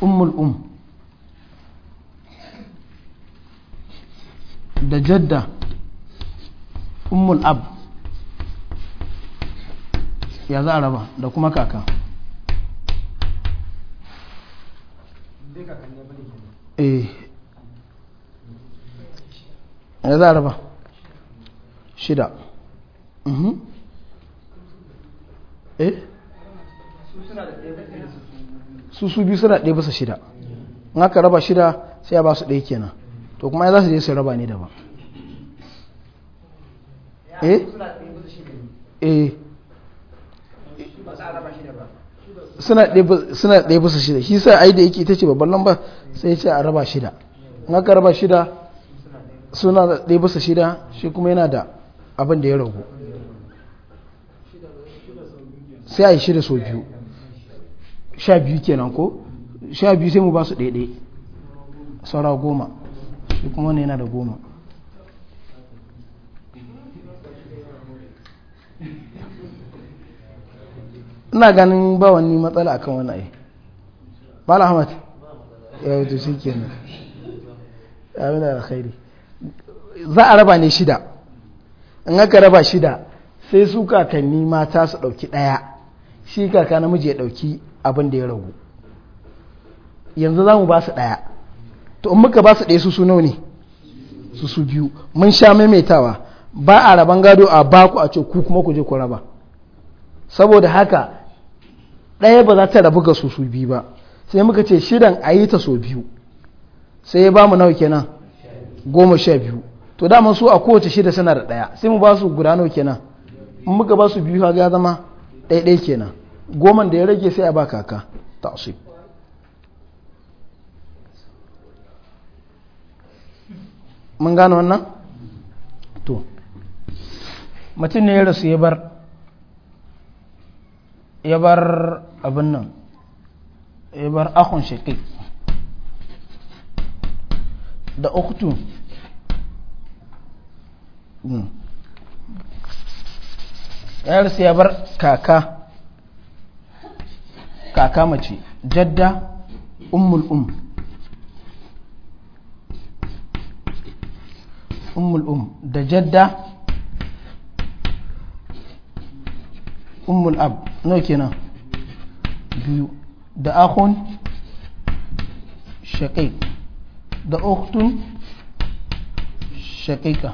ummul um da jadda ummul ab ya za a raba da kuma kaka eh. ya za a raba shida mhm. eh? su su biyu suna ɗaya basa shida in aka raba shida sai ya ba su ɗaya kenan to kuma za su je su raba ne daban eh eh suna ɗaya basa shida shi sa ai da yake ita ce babban lamba sai ce a raba shida in aka raba shida suna ɗaya basa shida shi kuma yana da abin da ya ragu sai a yi shida sau biyu sha biyu kenan ko sha biyu sai mu ba su ɗaiɗe saura goma shi kuma wani yana da goma ina ganin ba wani matsala akan wani ai ba ahmad ya wato shi kenan ya wani alkhairi za a raba ne shida in aka raba shida sai su kakanni mata su ɗauki ɗaya shi kaka namiji ya ɗauki abin da ya ragu yanzu za mu ba su ɗaya to in muka ba su ɗaya su su nau ne su su biyu mun sha maimaitawa ba a raban gado a baku a ce ku kuma ku je ku raba saboda haka ɗaya ba za ta rabu ga su su biyu ba sai muka ce shidan a yi ta so biyu sai ya ba mu nawa kenan goma sha biyu to dama su a kowace shida suna da ɗaya sai mu ba su guda nawa kenan in muka ba su biyu ga zama ɗaya kenan goman da ya rage sai a ba kaka tasib mun gano wannan to mutum ne ya rasu ya bar ya bar abin nan ya bar akun shekai da uktu Mm. yar sai ya bar kaka kaka mace jadda ummul um ummul um da jadda ummul ab no kenan biyu da akhun shaqiq da ukhtun shaƙiƙa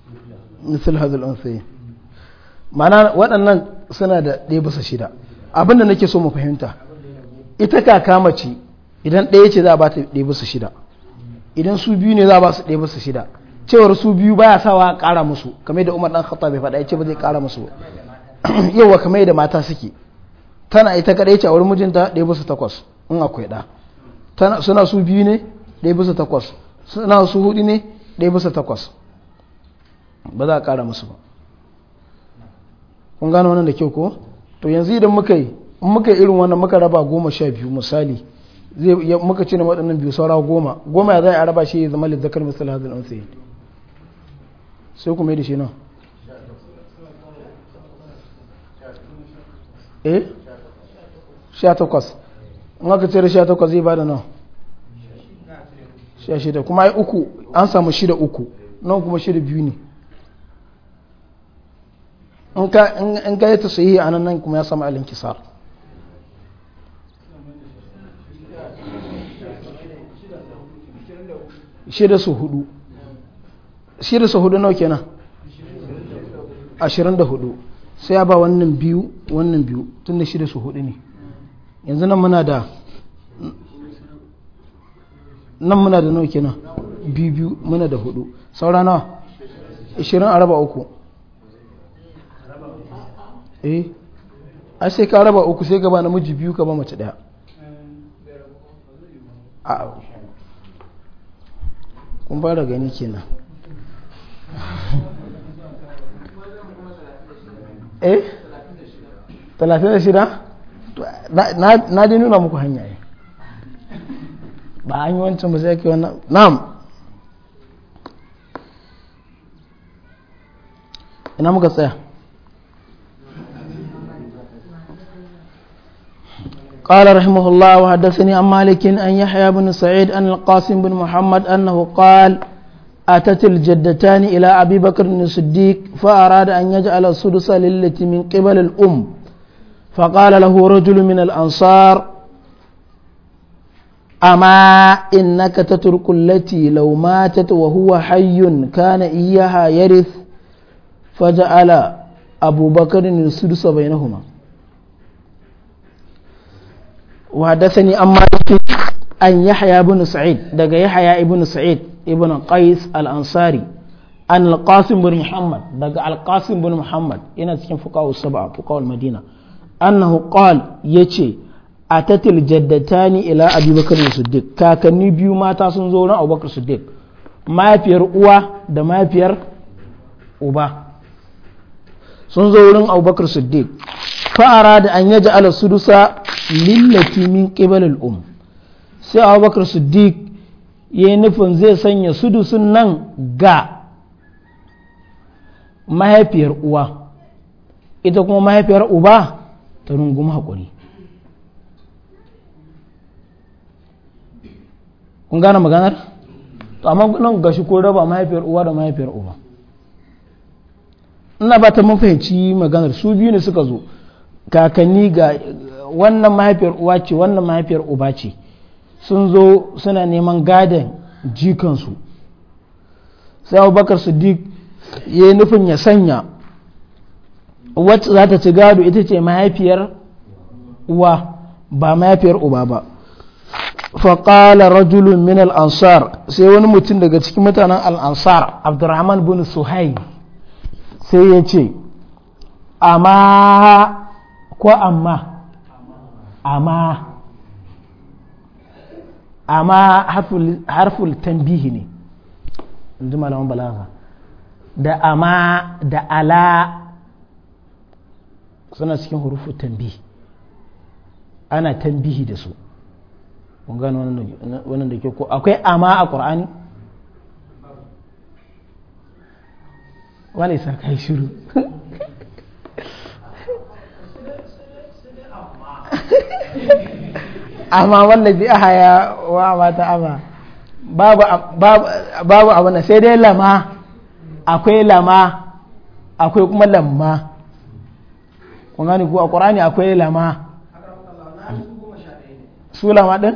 misal hazal unsayin ma'ana waɗannan suna da ɗaya bisa shida abin nake so mu fahimta ita kaka mace idan ɗaya ce za a ba ta ɗaya bisa shida idan su biyu ne za a ba su ɗaya bisa shida cewar su biyu baya sawa ƙara musu kamar da umar ɗan khattab bai faɗa ya ce ba zai ƙara musu yawa kamar da mata suke tana ita kaɗai ce a wurin mijinta ɗaya bisa takwas in akwai ɗa suna su biyu ne ɗaya bisa takwas suna su huɗu ne ɗaya bisa takwas ba za a ƙara musu ba kun gano wannan da kyau ko to yanzu idan muka yi muka irin wannan muka raba goma sha biyu misali zai muka ce na waɗannan biyu saura goma goma ya za a raba shi ya zama lizzakar misal hazin an sai sai kuma yi da shi nan eh sha takwas in aka cire sha takwas zai ba da nan sha shida kuma ai uku an samu shida uku nan kuma shida biyu ne in ka yi ta sahihi a nan kuma ya samu alinkisar shida su hudu shida su hudu nau kenan ashirin da hudu sai ya ba wannan biyu wannan biyu tun da shida su hudu ne yanzu nan muna da nan muna da nau kenan biyu biyu muna da hudu saura nawa ashirin araba uku eh a sai ka raba uku sai gaba namiji biyu ka ba mace daya a kun fara gani kenan [LAUGHS] eh talatin da shida na dai nuna muku hanya ne ba an yi wancan ba sai ake wannan na'am ina muka tsaya قال رحمه الله وحدثني عن مالك أن يحيى بن سعيد أن القاسم بن محمد أنه قال أتت الجدتان إلى أبي بكر الصديق فأراد أن يجعل السدس للتي من قبل الأم فقال له رجل من الأنصار أما إنك تترك التي لو ماتت وهو حي كان إياها يرث فجعل أبو بكر السدس بينهما وحدثني عن مالك عن يحيى بن سعيد دقى يحيى بن سعيد ابن قيس الأنصاري عن القاسم بن محمد دقى القاسم بن محمد إن تكن فقهاء السبعة فقهاء المدينة أنه قال يتي أتت الجدتان إلى أبي بكر الصديق كاكني بيو ما تاسن زورا أبو بكر الصديق ما يفير أوا دا ما يفير أبا sun zo wurin abubakar siddiq fa'ara da an yaji ala sudusa lillati min qibal al-um sai abubakar siddiq ya yi nufin zai sanya sudusun nan ga mahaifiyar uwa ita kuma mahaifiyar uba ta runguma haƙuri kun gane maganar? to amma nan gashi ko raba mahaifiyar uwa da mahaifiyar uba ina ba ta mafahimci maganar su biyu ne suka zo kakanni ga wannan mahaifiyar uwa ce wannan mahaifiyar uba ce sun zo suna neman gadon jikansu sai abubakar dik ya yi nufin ya sanya wacce za ta ci gado ita ce mahaifiyar uwa ba mahaifiyar uba ba faƙala rajulun min al'ansar sai wani mutum daga cikin mutanen al'ansar abdurrahman bin suhai sai ya ce amma ko amma amma amma harful tambihi ne inji malaman balaga da amma da ala suna cikin hurufu tambihi ana tambihi da su kun gano wannan da ke ko akwai amma a ƙur'ani wani sa kai shiru [LAUGHS] amma aha ya wa mata ama babu abu na sai dai lama akwai lama akwai kuma lamma kun gani ko a ƙorani akwai lama su lama ɗin?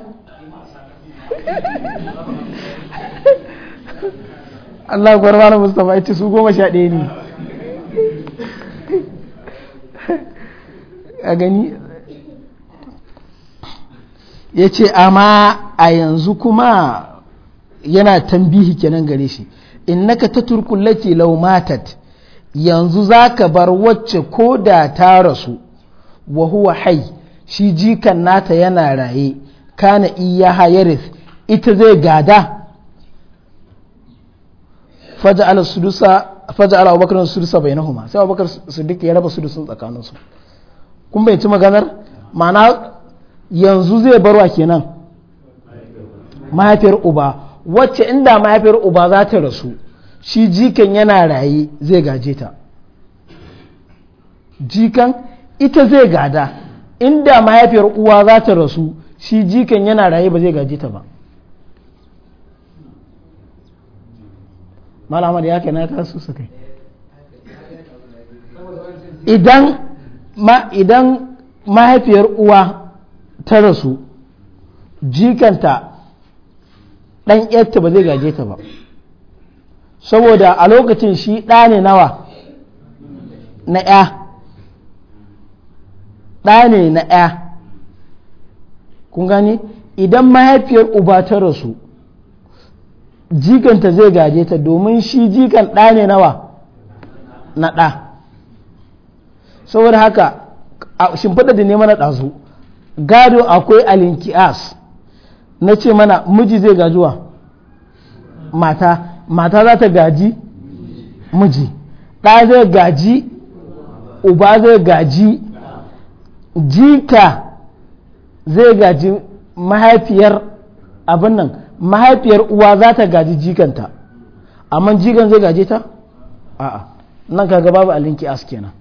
Allah gwarwa na Mustapha ya ce su goma sha ɗaya ne a gani ya ce amma a yanzu kuma yana tambihi kenan gare shi in naka ta turkullaki laumatat yanzu za ka bar wacce ko da ta rasu wa huwa hai shi jikan nata yana raye kana iya hayaris ita zai gada abubakar su dusa bai sudusa ma sai abubakar siddiq ya raba su sudusun tsakaninsu kun bai ci maganar ma'ana yanzu zai barwa kenan mahaifiyar uba wacce inda mahaifiyar uba za ta rasu shi jikan yana rayi zai gaje ta jikan ita zai gada inda mahaifiyar uwa za ta rasu shi jikan yana rayi ba zai gaje ta ba malamar ya kai na su kai idan mahaifiyar uwa ta rasu jikanta ɗan yarta ba zai gaje ta ba saboda a lokacin shi ɗa ne nawa na ya ɗa ne na ya kun gani idan mahaifiyar uba ta rasu jikanta zai gaje ta domin shi jikan ɗa ne nawa na ɗa saboda haka a shimfiɗa da neman na ɗazu gado akwai alinkiyas na ce mana miji zai gajuwa mata mata za ta gaji miji ɗa zai gaji uba zai gaji jika zai gaji mahaifiyar abin nan mahaifiyar uwa za ta gaji jikanta amma jikan zai gaje ta a'a nan kaga babu alinki as kenan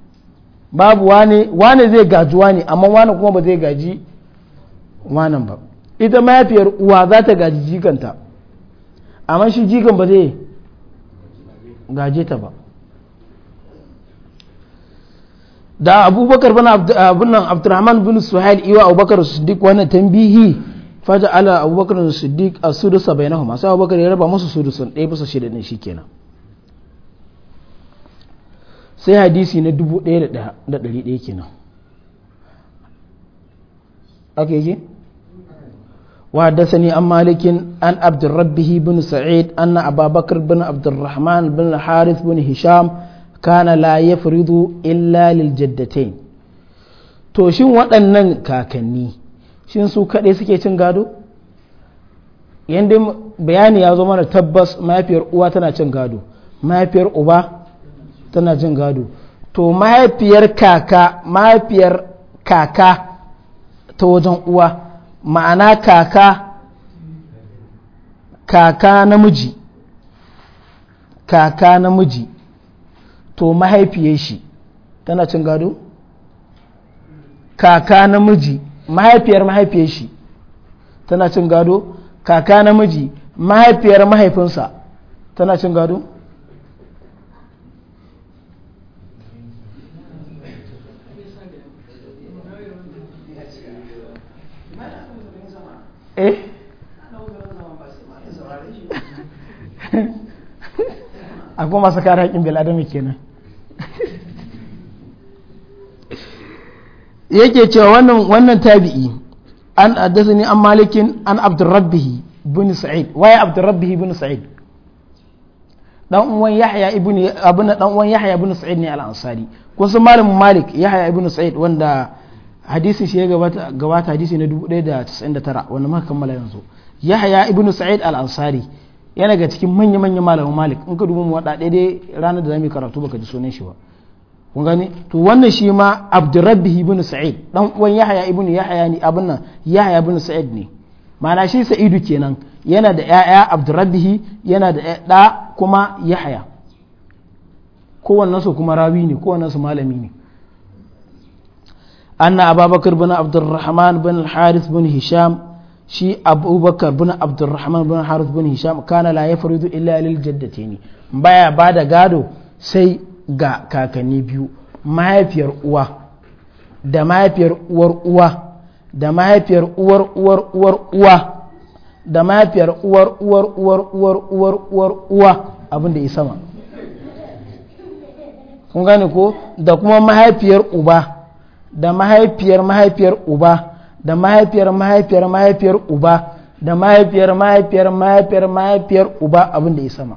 babu wane wane zai gaji wane amma wane kuma ba zai gaji wane ba ita mahaifiyar uwa za ta gaji jikanta amma shi jikan ba zai gaje ta ba da abubakar bin abin abdurrahman bin suhail iwa abubakar siddiq wannan tambihi faja ala abubakar siddiq a sudusa bainahuma sai abubakar ya raba musu sudusun ɗaya basa shida ne kenan. sai hadisi na dubu ɗaya da ɗari ɗaya ke nan ake ji wa haddasa ni an malikin an abdurrabbi bin sa'id an ababakar bin abdurrahman bin laharis bin hisham kanala la ya faridu in lalil jaddatai to shin waɗannan kakanni shin su kaɗai suke cin gado yadda bayani ya zo mana tabbas mafiyar uwa tana cin gado mafiyar uba tana jin gado to mahaifiyar kaka mahaifiyar kaka ta wajen uwa ma'ana kaka kaka namiji kaka namiji to mahaifiyar shi tana cin gado kaka namiji mahaifiyar mahaifiyar shi tana cin gado kaka namiji mahaifiyar mahaifinsa tana cin gado eh [LAUGHS] akwai masu kare haƙin biladami kenan [LAUGHS] yake cewa wannan wannan tabi'i an ni an malikin an abdurrabbihi bin sa'id waye abdurrabbihi bin sa'id dan uwan yahya ibn abuna dan uwan yahya sa'id ne al-ansari kun san malamin malik yahya ibn sa'id wanda hadisi shi ya gabata hadisi na 1099 wanda muka kammala yanzu yahya ibnu sa'id al-ansari yana ga cikin manya manya malamin malik in ka dubi mu wada daidai ranar da zamu karatu baka ji sunan shi ba kun gani to wannan shi ma abdurrabbi ibnu sa'id dan uwan yahya ibnu yahya ne abin nan yahya ibnu sa'id ne ma'ana shi sa'idu kenan yana da ya'ya abdurrabbi yana da da kuma yahya kowannen su kuma rawi ne kowannensu malami ne أن أبا بكر بن عبد الرحمن بن الحارث بن هشام شي أبو بكر بن عبد الرحمن بن الحارث بن هشام كان لا يفرض إلا للجدتين بايا بعد قادو سي ga kakanni biyu mahaifiyar uwa da mahaifiyar uwar uwa da mahaifiyar uwar uwar uwar uwa da mahaifiyar uwar uwar uwar uwar uwar uwar abin da ya sama kun gane ko da kuma mahaifiyar uba da mahaifiyar mahaifiyar uba da mahaifiyar mahaifiyar mahaifiyar uba da mahaifiyar mahaifiyar mahaifiyar mahaifiyar uba abin da ya sama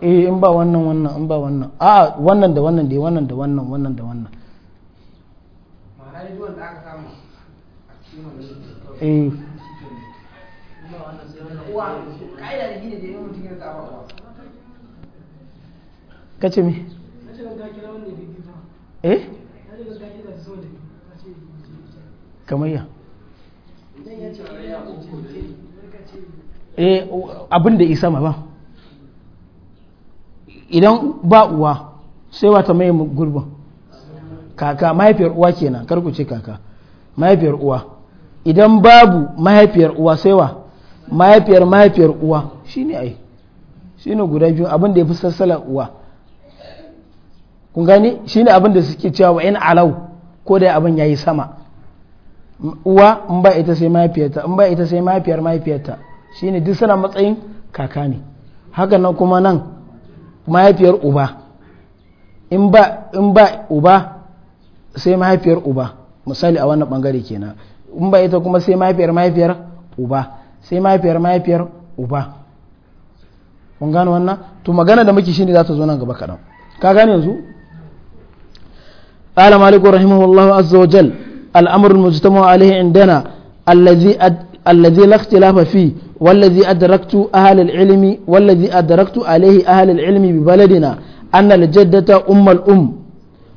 eh in ba wannan wannan in ba wannan a wannan da wannan da wannan da wannan wannan da wannan eh ce me eh kamar ya eh abin da isa ma ba idan ba uwa sai wata mai gurbin kaka mahaifiyar uwa kenan karku ce kaka mahaifiyar uwa idan babu mahaifiyar uwa sai wa mahaifiyar mahaifiyar uwa shine ai shine guda biyu abin da ya fi sassala uwa kun gani shine abin da suke cewa wa in alau ko da abin yayi sama uwa in ba ita sai mahaifiyarta in ba ita sai mahaifiyar mahaifiyarta shine duk suna matsayin kaka ne haka nan kuma nan mahaifiyar uba in ba in ba uba sai mahaifiyar uba misali a wannan bangare kenan in ba ita kuma sai mahaifiyar mahaifiyar uba sai mahaifiyar mahaifiyar uba kun gano wannan to magana da muke shine za ta zo nan gaba kaɗan ka gane yanzu قال مالك رحمه الله عز وجل الأمر المجتمع عليه عندنا الذي أد... الذي لا اختلاف فيه والذي أدركت أهل العلم والذي أدركت عليه أهل العلم ببلدنا أن الجدة أم الأم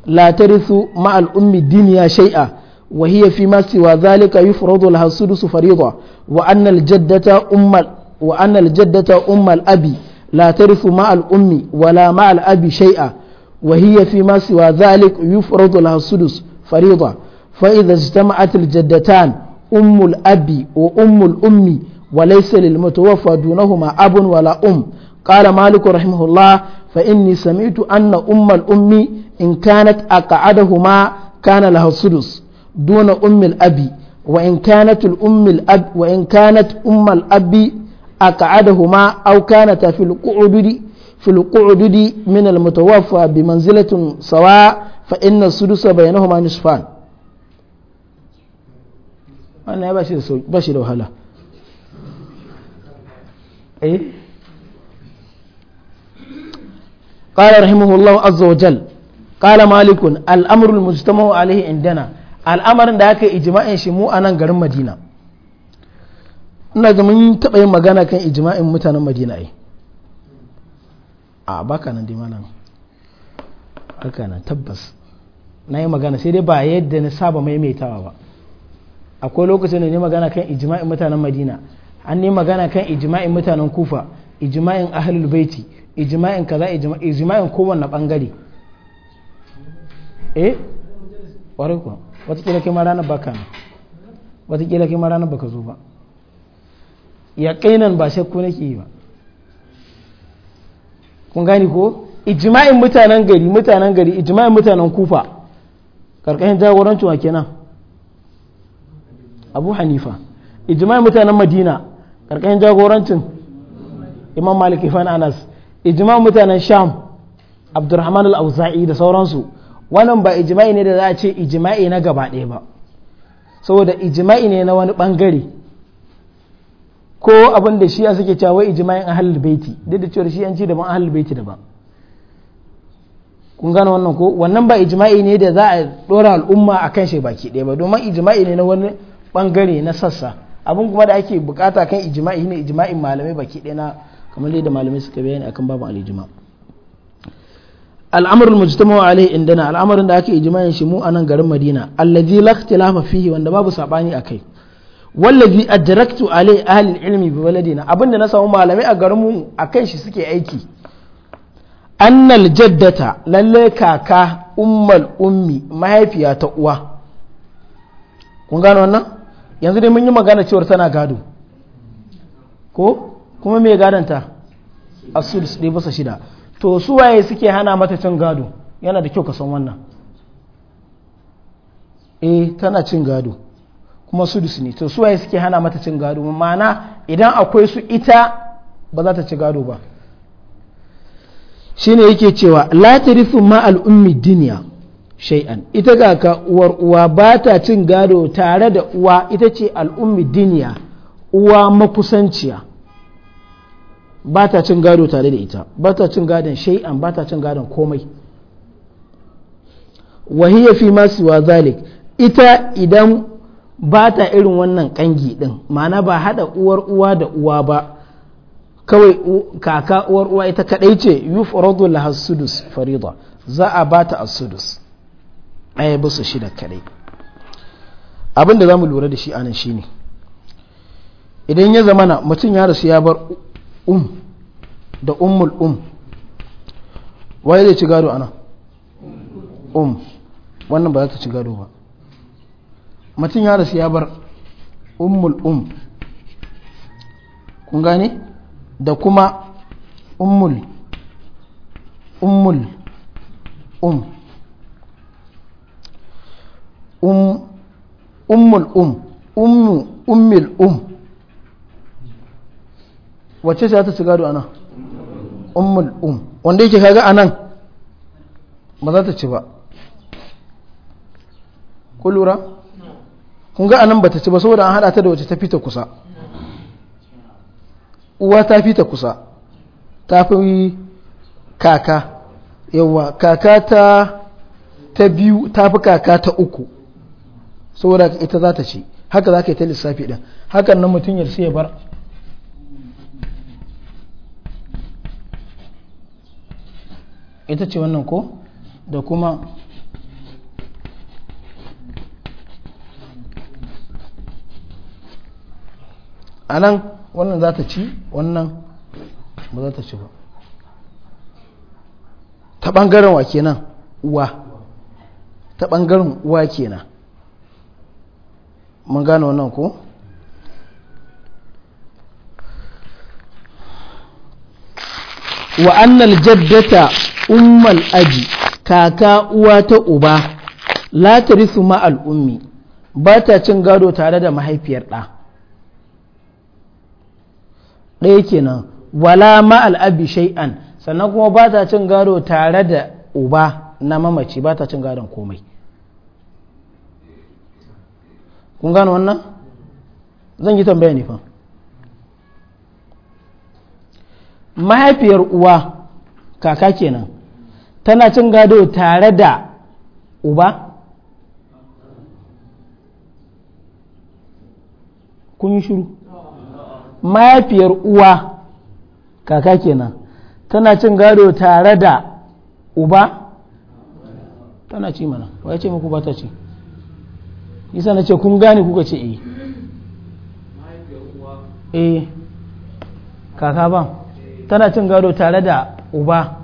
لا ترث مع الأم دنيا شيئا وهي فيما سوى ذلك يفرض لها السدس فريضة وأن الجدة أم وأن الجدة أم الأبي لا ترث مع الأم ولا مع الأب شيئا وهي فيما سوى ذلك يفرض لها السدس فريضة فإذا اجتمعت الجدتان أم الأب وأم الأم وليس للمتوفى دونهما أب ولا أم قال مالك رحمه الله فإني سمعت أن أم الأم إن كانت أقعدهما كان لها السدس دون أم الأب وإن كانت الأم الأب وإن كانت أم الأب أقعدهما أو كانت في القعود في القعدد من المتوفى بمنزلة سواء فإن السدس بينهما نصفان أنا باشي باشي لو هلا إيه قال رحمه الله عز وجل قال مالك الأمر المجتمع عليه عندنا الأمر ده إجماع شمو أنا غير مدينة ina ga mun taɓa yin magana kan ijma'in mutanen madina ai a baka nan dai malam haka nan tabbas na yi magana sai dai ba yadda na saba maimaitawa ba akwai lokacin da ne magana kan ijima'in mutanen madina an ne magana kan ijima'in mutanen kufa ijima'in ahalul baiti ijma'in kaza ijima'in kowanne bangare eh ware kuwa watakila kai ma ranar baka ne watakila kai ma ranar baka zo ba ya kainan ba shakku nake yi ba kun gani ko ijma'in mutanen gari mutanen gari ijma'in mutanen kufa karkashin jagorancin wa kenan abu hanifa ijma'in mutanen madina karkashin jagorancin imam malik ifan anas ijma'in mutanen sham abdurrahman al-auza'i da sauransu wannan ba ijma'i ne da za a ce ijma'i na gaba ɗaya ba saboda ijma'i ne na wani bangare ko abin da shi ya suke cewa ijma'in ahlul baiti duk da cewa shi da ci daban ahlul baiti ba kun gane wannan ko wannan ba ijma'i ne da za a dora al'umma akan shi baki ɗaya ba domin ijma'i ne na wani bangare na sassa abin kuma da ake bukata kan ijma'i ne ijma'in malamai baki ɗaya na kamar yadda malamai suka bayani akan babu al-ijma' al'amurin mujtama alai indana al'amarin da ake ijma'in shi mu a nan garin madina allazi la ikhtilafa fihi wanda babu sabani akai wallazi adraktu alai ahli ilmi bi waladina abinda na samu malamai a garin mu akan shi suke aiki annal jaddata lalle kaka ummal ummi mahaifiya ta uwa kun gano wannan yanzu dai mun yi magana cewar tana gado ko kuma me gadanta asul dai bisa shida to su waye suke hana mata cin gado yana da kyau ka san wannan eh tana cin gado kuma sudus ne to su suwaye suke hana mata cin gado ma'ana idan akwai su ita ba za ta ci gado ba shine yake cewa la tarifu ma al'ummi duniya shay'an ita ga ka uwar uwa ba ta cin gado tare da uwa ita ce al'ummi duniya uwa makusanciya ba ta cin gado tare da ita ba ta cin gadon shay'an ba ta cin gadon komai wahiyya fi masu wa zalik ita idan ba ta irin wannan kangi din mana ba haɗa uwar uwa da uwa ba kawai kaka uwar uwa ita kadai ce faradu laha sudus farida za a ba ta sudus ɗaya shi shida kadai abin da zamu lura da shi anan shine idan ya zamana mutum ya rasu ya bar um da ummul um waye zai ci gado ana um wannan ba za ta ci gado ba mutum ya rasu ya bar ummul um kun gane da kuma ummul ummul um um ummul um ummu ummil um wacce za ta shiga ana ummul um wanda yake kaga anan ba za ta ci ba ku lura kun ga anan bata ci ba saboda an hada ta da wace ta fita kusa uwa ta fita kusa ta fi kaka yawa kaka ta ta biyu ta fi kaka ta uku saboda ita za ta ci haka za ka yi ta lissafi ɗin hakan nan mutum ya sai ya bar ita ce wannan ko da kuma a nan wannan za ta ci wannan ba za ta ci ba ta ɓangaren wa kenan uwa ta ɓangaren uwa kenan mun gane wannan ko wa annal jaddata ummal aji kaka uwa ta uba la tarisu ma al'ummi ba ta cin gado tare da mahaifiyar da. ɗaya kenan wala ma al'abi shay'an sannan kuma ba ta cin gado tare da uba na mamaci ba ta cin gadon komai kun gano wannan zan yi tambaya ne fa mahaifiyar uwa kaka kenan tana cin gado tare da uba kun yi shuru mafiyar uwa kaka kenan tana cin gado tare da uba tana ci mana wa ce muku bata ci isa na ce kun gane kuka ce eh eh kaka ba tana cin gado tare da uba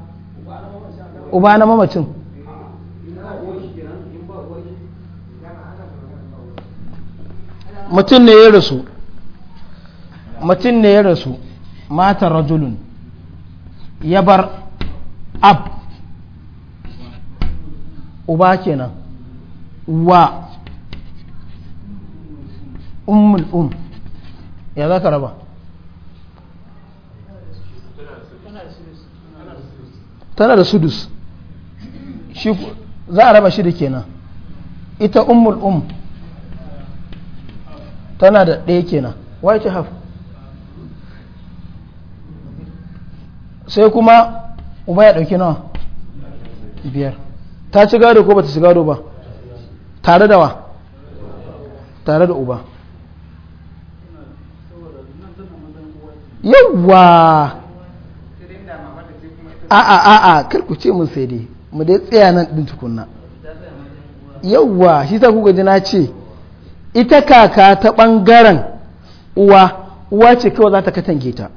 uba na mamacin mutum ne ya rasu mutum ne ya rasu mata rajulun ya bar ab uba kenan wa ummul um ya za ka raba tana da sudus za a raba shi da kenan ita ummul um tana da ɗaya kenan why to have sai kuma uba ya dauki nawa biyar ta ci gado ko ba ta ci gado ba tare da wa tare da uba yawwa a a a a karkuce mun sai dai mu dai tsaya nan din tukunna yawwa shi ta kuka jina na ce ita kaka ta ɓangaren uwa uwa ce kawai za ta katange ta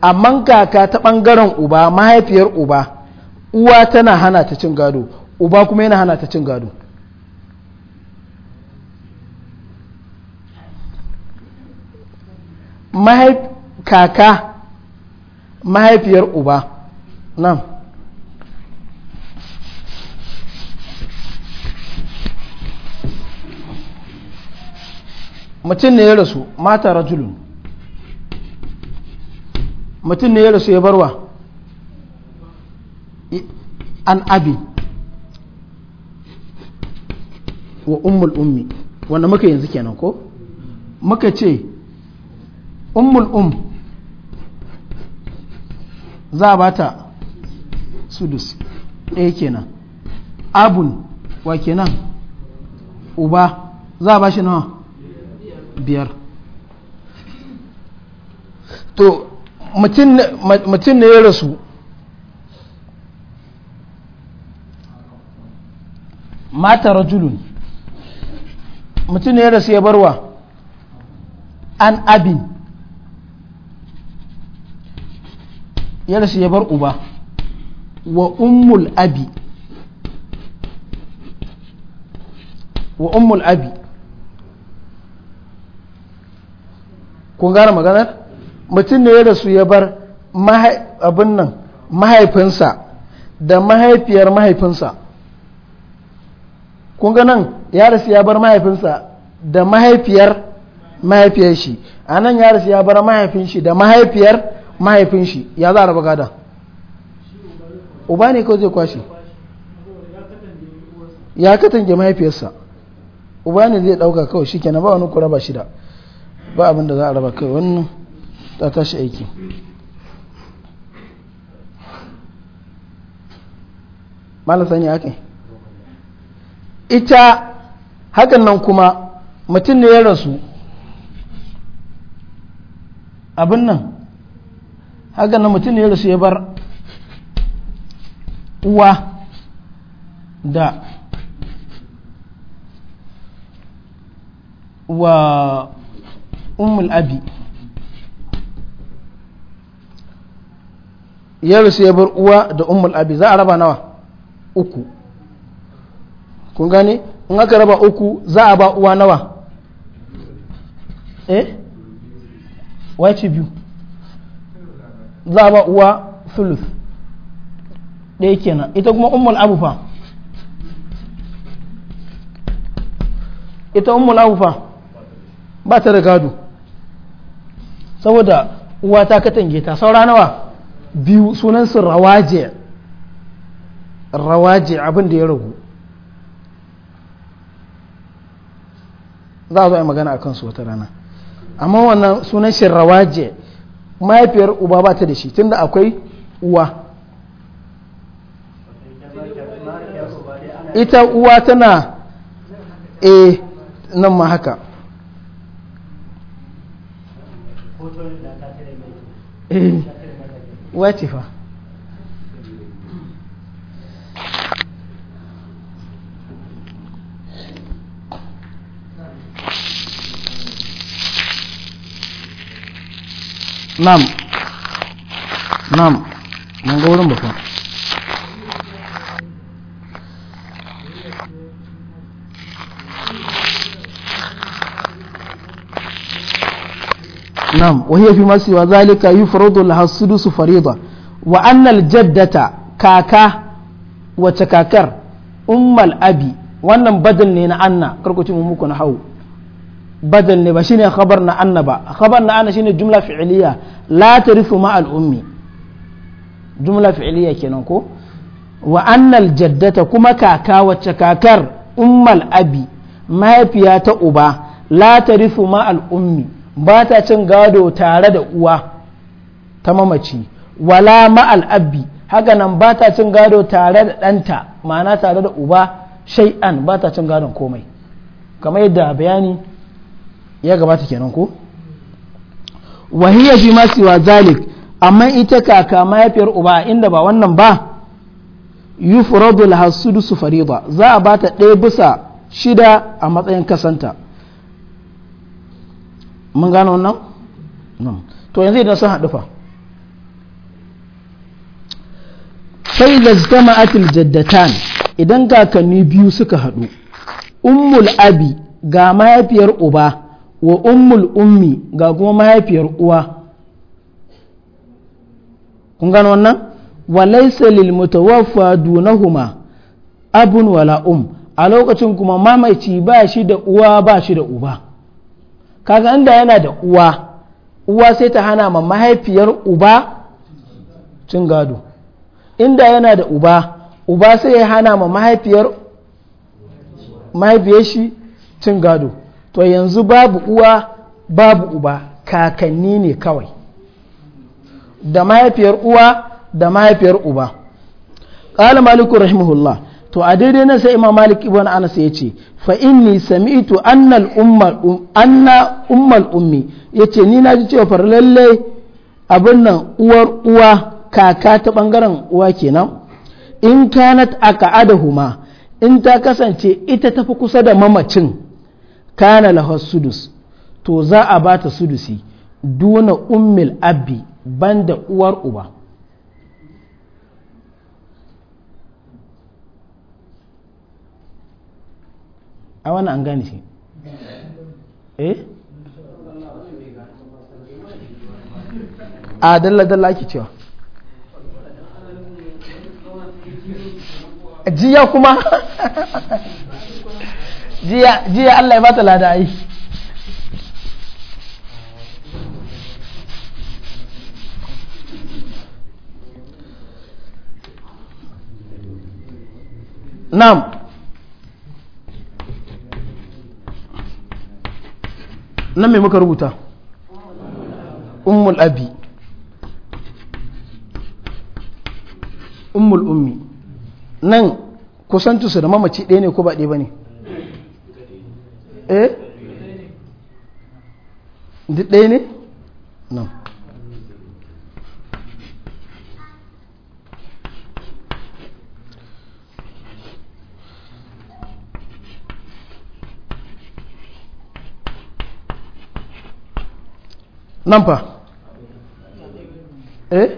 amma kaka ta ɓangaren uba mahaifiyar uba uwa tana hana ta cin gado uba kuma yana hana ta cin gado kaka mahaifiyar uba nan mutum ne ya rasu mata rajulun mutum ne ya rasu ya barwa an abi wa ummul ummi wanda muka yanzu kenan ko muka ce ummul um za ba ta sudus ɗaya kenan abun wa kenan uba za ba shi nawa biyar to mutum ne ya rasu mata rajulun mutum ne ya rasu ya barwa an abin ya rasu ya bar uba wa ummul abi wa ummul abi kun gara maganar mutum ne ya rasu ya bar abin nan mahaifinsa da mahaifiyar mahaifinsa kun ga nan ya rasu ya bar mahaifinsa da mahaifiyar mahaifiyar shi a nan ya rasu ya bar mahaifin shi da mahaifiyar mahaifin shi ya za a raba gada uba ne kawai zai kwashe ya katange mahaifiyarsa uba ne zai dauka kawai shi kenan ba wani kura ba shida ba abin da za a raba kawai wannan ta tashi aiki malasa sani aka ita hakan nan kuma mutum ne ya rasu abin nan hakan nan mutum ne ya rasu ya bar uwa da wa umul abi ya rasu ya bar uwa da ummul abi za a raba nawa uku kun gane in aka raba uku za a ba uwa nawa eh wace biyu za a ba uwa thuluth ɗaya kenan ita kuma ummul abu fa ita ummul abu fa ba ta da gado saboda uwa ta katange ta saura nawa biyu sunansu rawaje rawaje abin da ya ragu za a zo a magana a kansu wata rana amma wannan sunan shi rawaje mahaifiyar uba ba ta da shi tunda akwai uwa ita uwa tana e nan ma haka eh wace nam nam mun ga bakon نعم وهي فيما سوى ذلك يفرض لها السدس فريضة وأن الجدة كاكا وتكاكر أم الأبي ne na anna karkuci mu hau badal ne ba shine khabar na anna ba khabar na anna shine jumla fi'liya la tarifu ma al jumla fi'liya kenan ko wa annal jaddata kuma kaka wace kakar ummal abi mahaifiya ta uba la tarifu ba ta cin gado tare da uwa ta mamaci wala ma'al abbi haka nan ba ta cin gado tare da ɗanta ma'ana tare da uba shay'an ba ta cin gadon komai kamar yadda bayani ya gabata kenan ko wahiyya fi ma siwa zalik amma ita kaka mahaifiyar uba inda ba wannan ba yufradu hasudu su ba za a bata ɗaya bisa shida a matsayin kasanta mun gano wannan to yanzu idan sun haɗu fa sai lazgama atil jaddatan idan kakanni biyu suka haɗu ummul abi ga mahaifiyar uba wa ummul ummi ga kuma mahaifiyar uwa kun gano wannan wa laysa lil mutawaffa dunahuma abun wala um a lokacin kuma mamaci ba shi da uwa ba shi da uba kaga inda yana da uwa uwa sai ta hana ma mahaifiyar uba cin gado inda yana da uba uba sai ya hana ma mahaifiyar mahaifiyar shi cin gado to yanzu babu uwa babu uba kakanni ne kawai da mahaifiyar uwa da mahaifiyar uba ƙala maliku rahimahullah to a daidai na sai imam malik ibn anas ya ce fa inni sami'tu al ummal anna ummal ummi yace ni na ji cewa far lalle abin nan uwar uwa kaka ta bangaren uwa kenan in kanat adahuma in ta kasance ita tafi kusa da mamacin kana la sudus to za a bata sudusi duna ummil abbi banda uwar uba a wani an gani shi eh a dalla-dalla ake cewa jiya kuma [LAUGHS] jiya Allah ya bata lada yi na'am nan mai muka rubuta ummul abi ummul ummi nan kusantusu da mamaci ɗaya ne ko ba ɗaya ba ne eh? ɗaya ne nan fa eh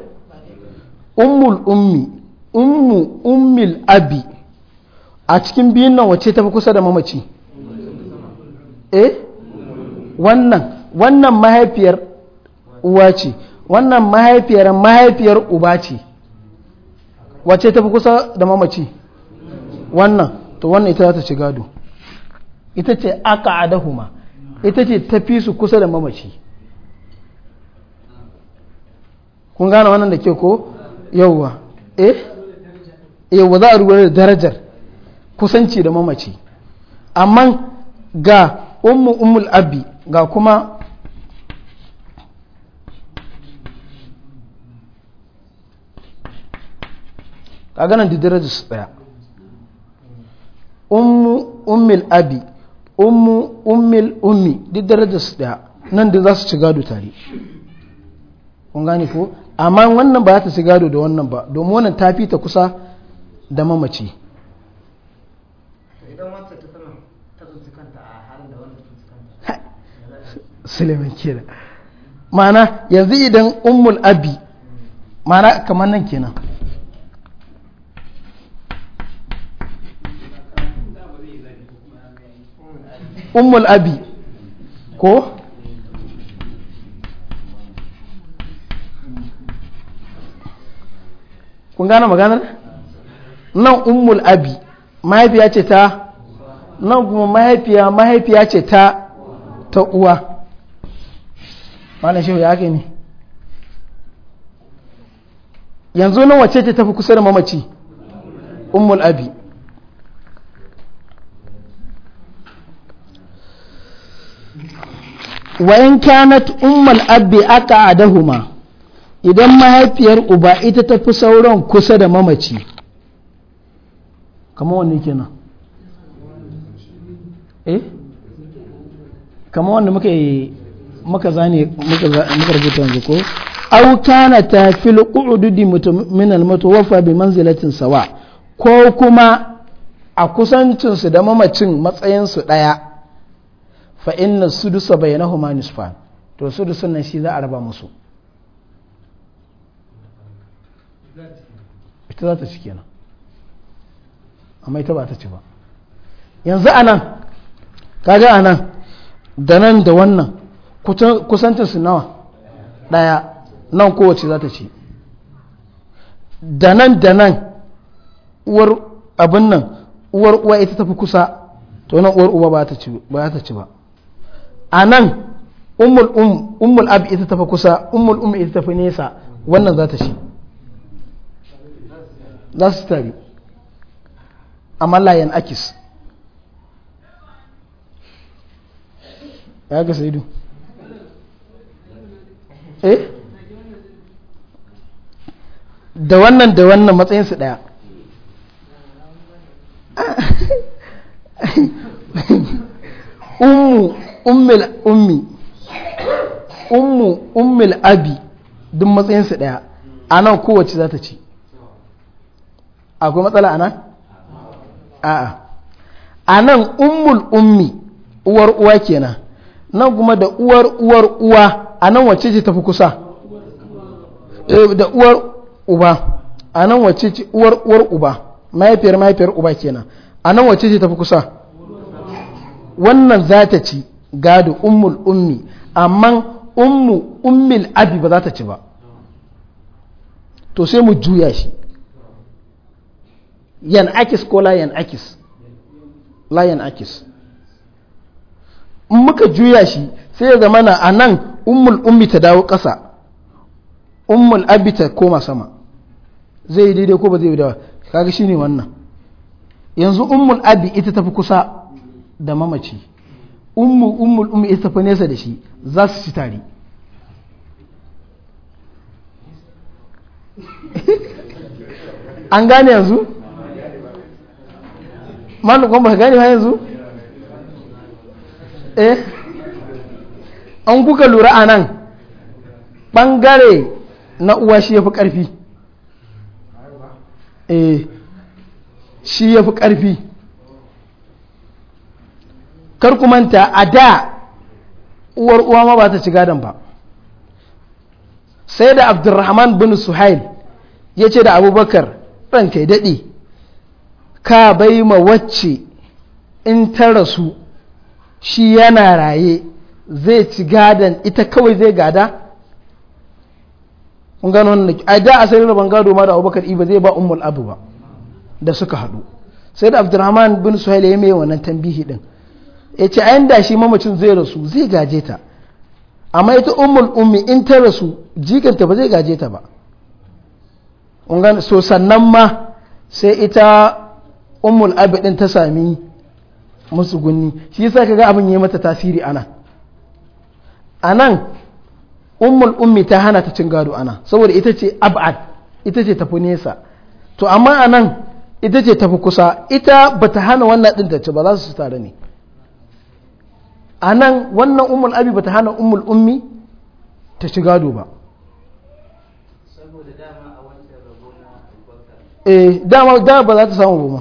ummul ummi ummu ummil abi a cikin biyun nan wace tafi kusa da mamaci eh wannan wannan mahaifiyar uwa ce wannan mahaifiyar mahaifiyar uba ce wace tafi kusa da mamaci wannan to wannan ita za ta ci gado ita ce aka adahuma ita ce tafi su kusa da mamaci kun gane wannan da ke ko yawwa eh yawwa eh, za a rubuta da darajar kusanci da mamaci amma ga ummu ummul abi ga kuma Ka ganin da darajar su tsaya ummu ummul abi ummu ummul ummi duk darajar su tsaya nan da za su ci gado tare kun gane ko amma wannan ba za ta sigado da wannan ba domin wannan ta fi ta kusa da mamaci suleiman ma'ana yanzu idan ummul abi ma'ana kamar nan kenan ummul abi ko kun gane maganar nan ummul abi mahaifiya ce ta nan kuma mahaifiya mahaifiya ce ta ta uwa malam shehu ya ake ne yanzu nan wace ce tafi kusa da mamaci ummul abi wa in kanat ummul abi aka adahuma idan mahaifiyar uba ita ta fi sauran kusa da mamaci kama wanne kenan eh kama wanda muka yi muka zane muka rubuta yanzu ko au kana ta fil qu'ududi min al mutawaffa bi manzilatin sawa ko kuma a kusancin su da mamacin matsayin su daya fa inna sudusa bainahuma nisfan to sudusun nan shi za a raba musu ita za ta ci kenan amma ita ba ta ci ba yanzu anan kaga anan da nan da wannan kusantar su nawa daya nan kowace za ta ci da nan da nan uwar abin nan uwar uwa ita tafi kusa to nan uwar uba ba ta ci ba a nan um, ummul ab ita tafi kusa ummul um ita tafi nesa wannan za ta ci za su taru amma layan akis ya ga sai eh da wannan da wannan matsayinsu ɗaya [LAUGHS] ummu ummil ummi ummu ummil abi duk matsayinsu ɗaya a nan kowace za ta ci akwai matsala ana a'a a nan umul ummi uwar uwa kenan nan kuma da uwar uwar uwa a nan wacce ce tafi kusa eh, da uwar uba a nan wacce ce uwar uwar uba mahaifiyar mahaifiyar uba kenan a nan wacce ce tafi kusa wannan za ta ci gado umul ummi amma ummu ummil abi ba za ta ci ba to sai mu juya shi yan akis ko layan akis layan akis in muka juya shi sai ya zama na a nan ummul ummi ta dawo ƙasa ummul abi ta koma sama zai yi daidai ko ba zai yi dawa kaga shine wannan yanzu ummul abi ita tafi kusa da mamaci ummu ummul ummi ita tafi nesa da shi za su ci tare [LAUGHS] an gane yanzu malu kuma gani gane ba yanzu eh an kuka lura anan nan ɓangare na uwa shi ya fi ƙarfi eh shi ya fi ƙarfi karkumanta a da uwar uwa ma ba ta ci gadon ba sai da abdurrahman bin suhail ya ce da abubakar ranka daɗe ka bai ma wacce in ta rasu shi yana raye zai ci gadon ita kawai zai gada kun gano wannan a da asalin rabon gado ma da abubakar iba zai ba umar abu ba da suka haɗu sai da abdurrahman bin suhaila ya mai wannan tambihi din ya ce a da shi mamacin zai rasu zai gaje ta amma ita umar ummi in ta rasu jikanta ba zai gaje ta ba so sannan ma sai ita ummul abidin ta sami gunni shi yasa kaga abin yayi mata tasiri ana anan ummul ummi ta hana ta cin gado ana saboda ita ce ab'ad ita ce tafi nesa to amma anan ita ce tafi kusa ita bata hana wannan din ta ci ba za su tare ne anan wannan ummul abi bata hana ummul ummi ta ci gado ba saboda dama a wancan rabona eh dama dama ba za ta samu ba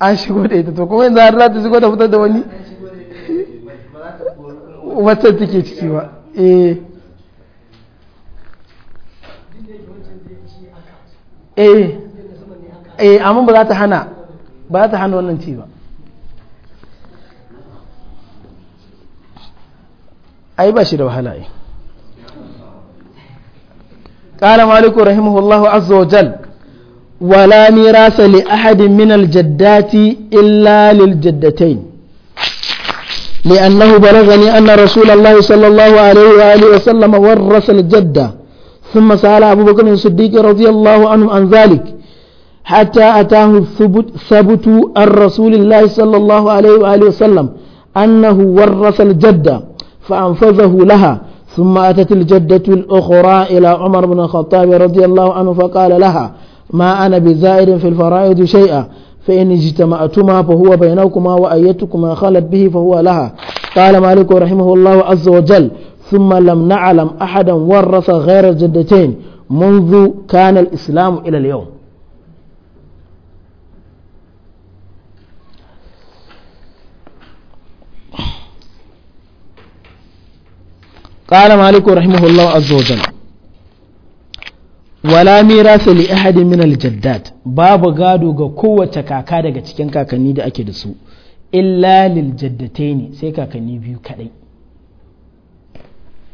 an shigo da ita to kuma yanzu har za ta shigo da fitar da wani wacce take ciki ba eh eh eh amma ba za ta hana ba za ta hana wannan ci ba ai ba shi da wahala eh. قال مالك رحمه الله عز وجل ولا ميراث لأحد من الجدات إلا للجدتين لأنه بلغني أن رسول الله صلى الله عليه وآله وسلم ورث الجدة ثم سأل أبو بكر الصديق رضي الله عنه عن ذلك حتى أتاه ثبت, ثبت الرسول الله صلى الله عليه وآله وسلم أنه ورث الجدة فأنفذه لها ثم أتت الجدة الأخرى إلى عمر بن الخطاب رضي الله عنه فقال لها ما أنا بزائر في الفرائض شيئا فإن اجتمعتما فهو بينكما وأيتكما خلت به فهو لها قال مالك رحمه الله عز وجل ثم لم نعلم أحدا ورث غير الجدتين منذ كان الإسلام إلى اليوم قال مالك رحمه الله عز وجل wala mirasa li ahadin min aljaddad babu gado ga kowace kaka daga cikin kakanni da ake da su illa lil jaddataini sai kakanni biyu kadai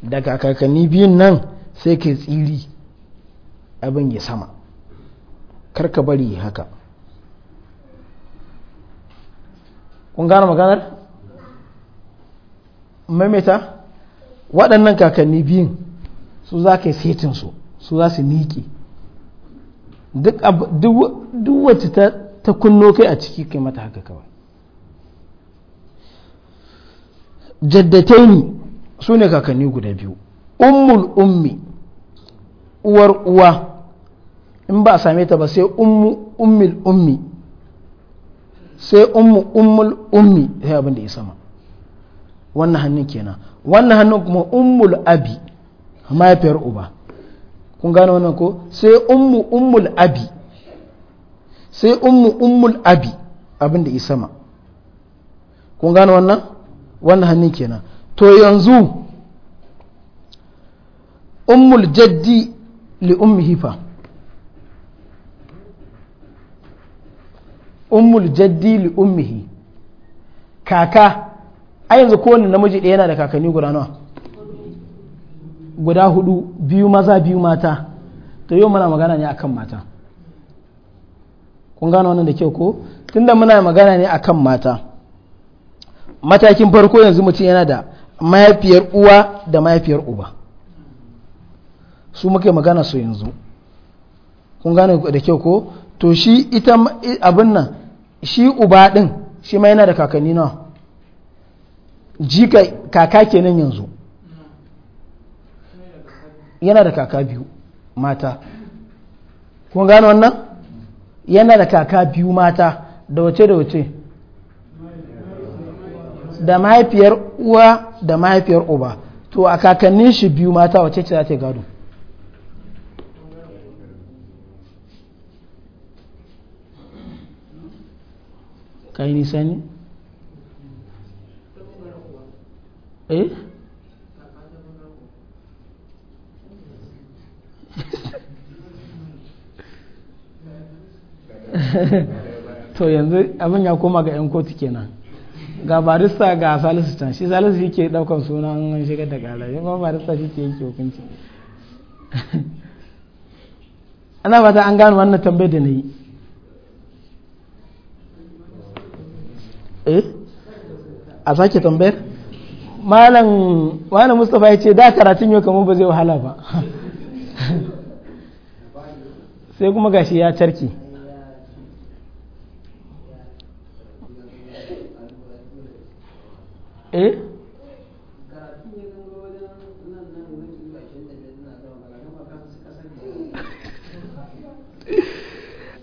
daga kakanni biyun nan sai ke tsiri abin ya sama karka bari haka kun gane maganar maimaita waɗannan kakanni biyun su za ka yi setin su su za su miƙe duk wacce ta kunno kai a ciki kai mata haka kawai jaddataini su ne kakanni guda biyu ummul ummi uwar uwa in ba a same ta ba sai ummu ummil ummi sai ummu ummul ummi sai abin da ya sama wannan hannun kenan wannan hannun kuma ummul abi mahaifiyar uba kun gane wannan ko sai ummu ummul abi sai ummu ummul abi abin da isama kun gane wannan wannan hannun kenan to yanzu ummul jaddi li ummi hifa ummul jaddi li ummihi kaka a yanzu kowane namiji ɗaya yana da kakanni guda nawa guda hudu biyu maza biyu mata to yau muna magana ne akan mata kun gano wannan da kyau ko tunda muna magana ne akan mata matakin farko yanzu mutum yana da mahaifiyar uwa da mahaifiyar uba su muke magana su yanzu kun gano da kyau ko to shi ita abin nan shi uba din shi ma yana da kakanni nawa jika kaka kenan yanzu yana da kaka biyu mata kun gano wannan yana da kaka biyu mata da wace da wace da mahaifiyar uwa da mahaifiyar uba to a kakannin shi biyu mata wace ce za ta gado kai nisa ne? eh [LAUGHS] to yanzu abin ya koma ga 'yan kotu kenan ga barista ga salisu can shi salisu shi ke daukan suna an shigar da kala shi kuma barista shi ke yake hukunci [LAUGHS] ana fata an gano wannan tambayar da na yi eh a sake tambayar malam wani mustapha ya ce da karatun yau kamar ba zai wahala ba [LAUGHS] sai kuma gashi ya carki eh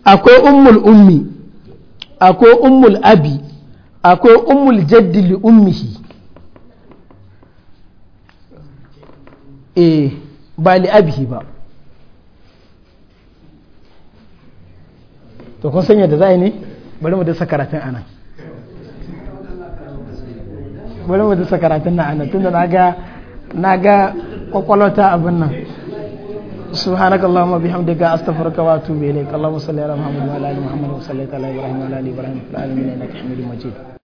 akwai ummul ummi akwai ummul abi akwai ummul jaddili ummihi eh ba li'abihi ba to kun sanya da za ne bari mu dasa karatun anan bari mu dasa karatun na anan tunda na ga na ga kwakwalwata abin nan سبحانك اللهم وبحمدك استغفرك واتوب اليك اللهم صل على محمد وعلى ال محمد على ابراهيم وعلى ال ابراهيم في العالمين انك حميد مجيد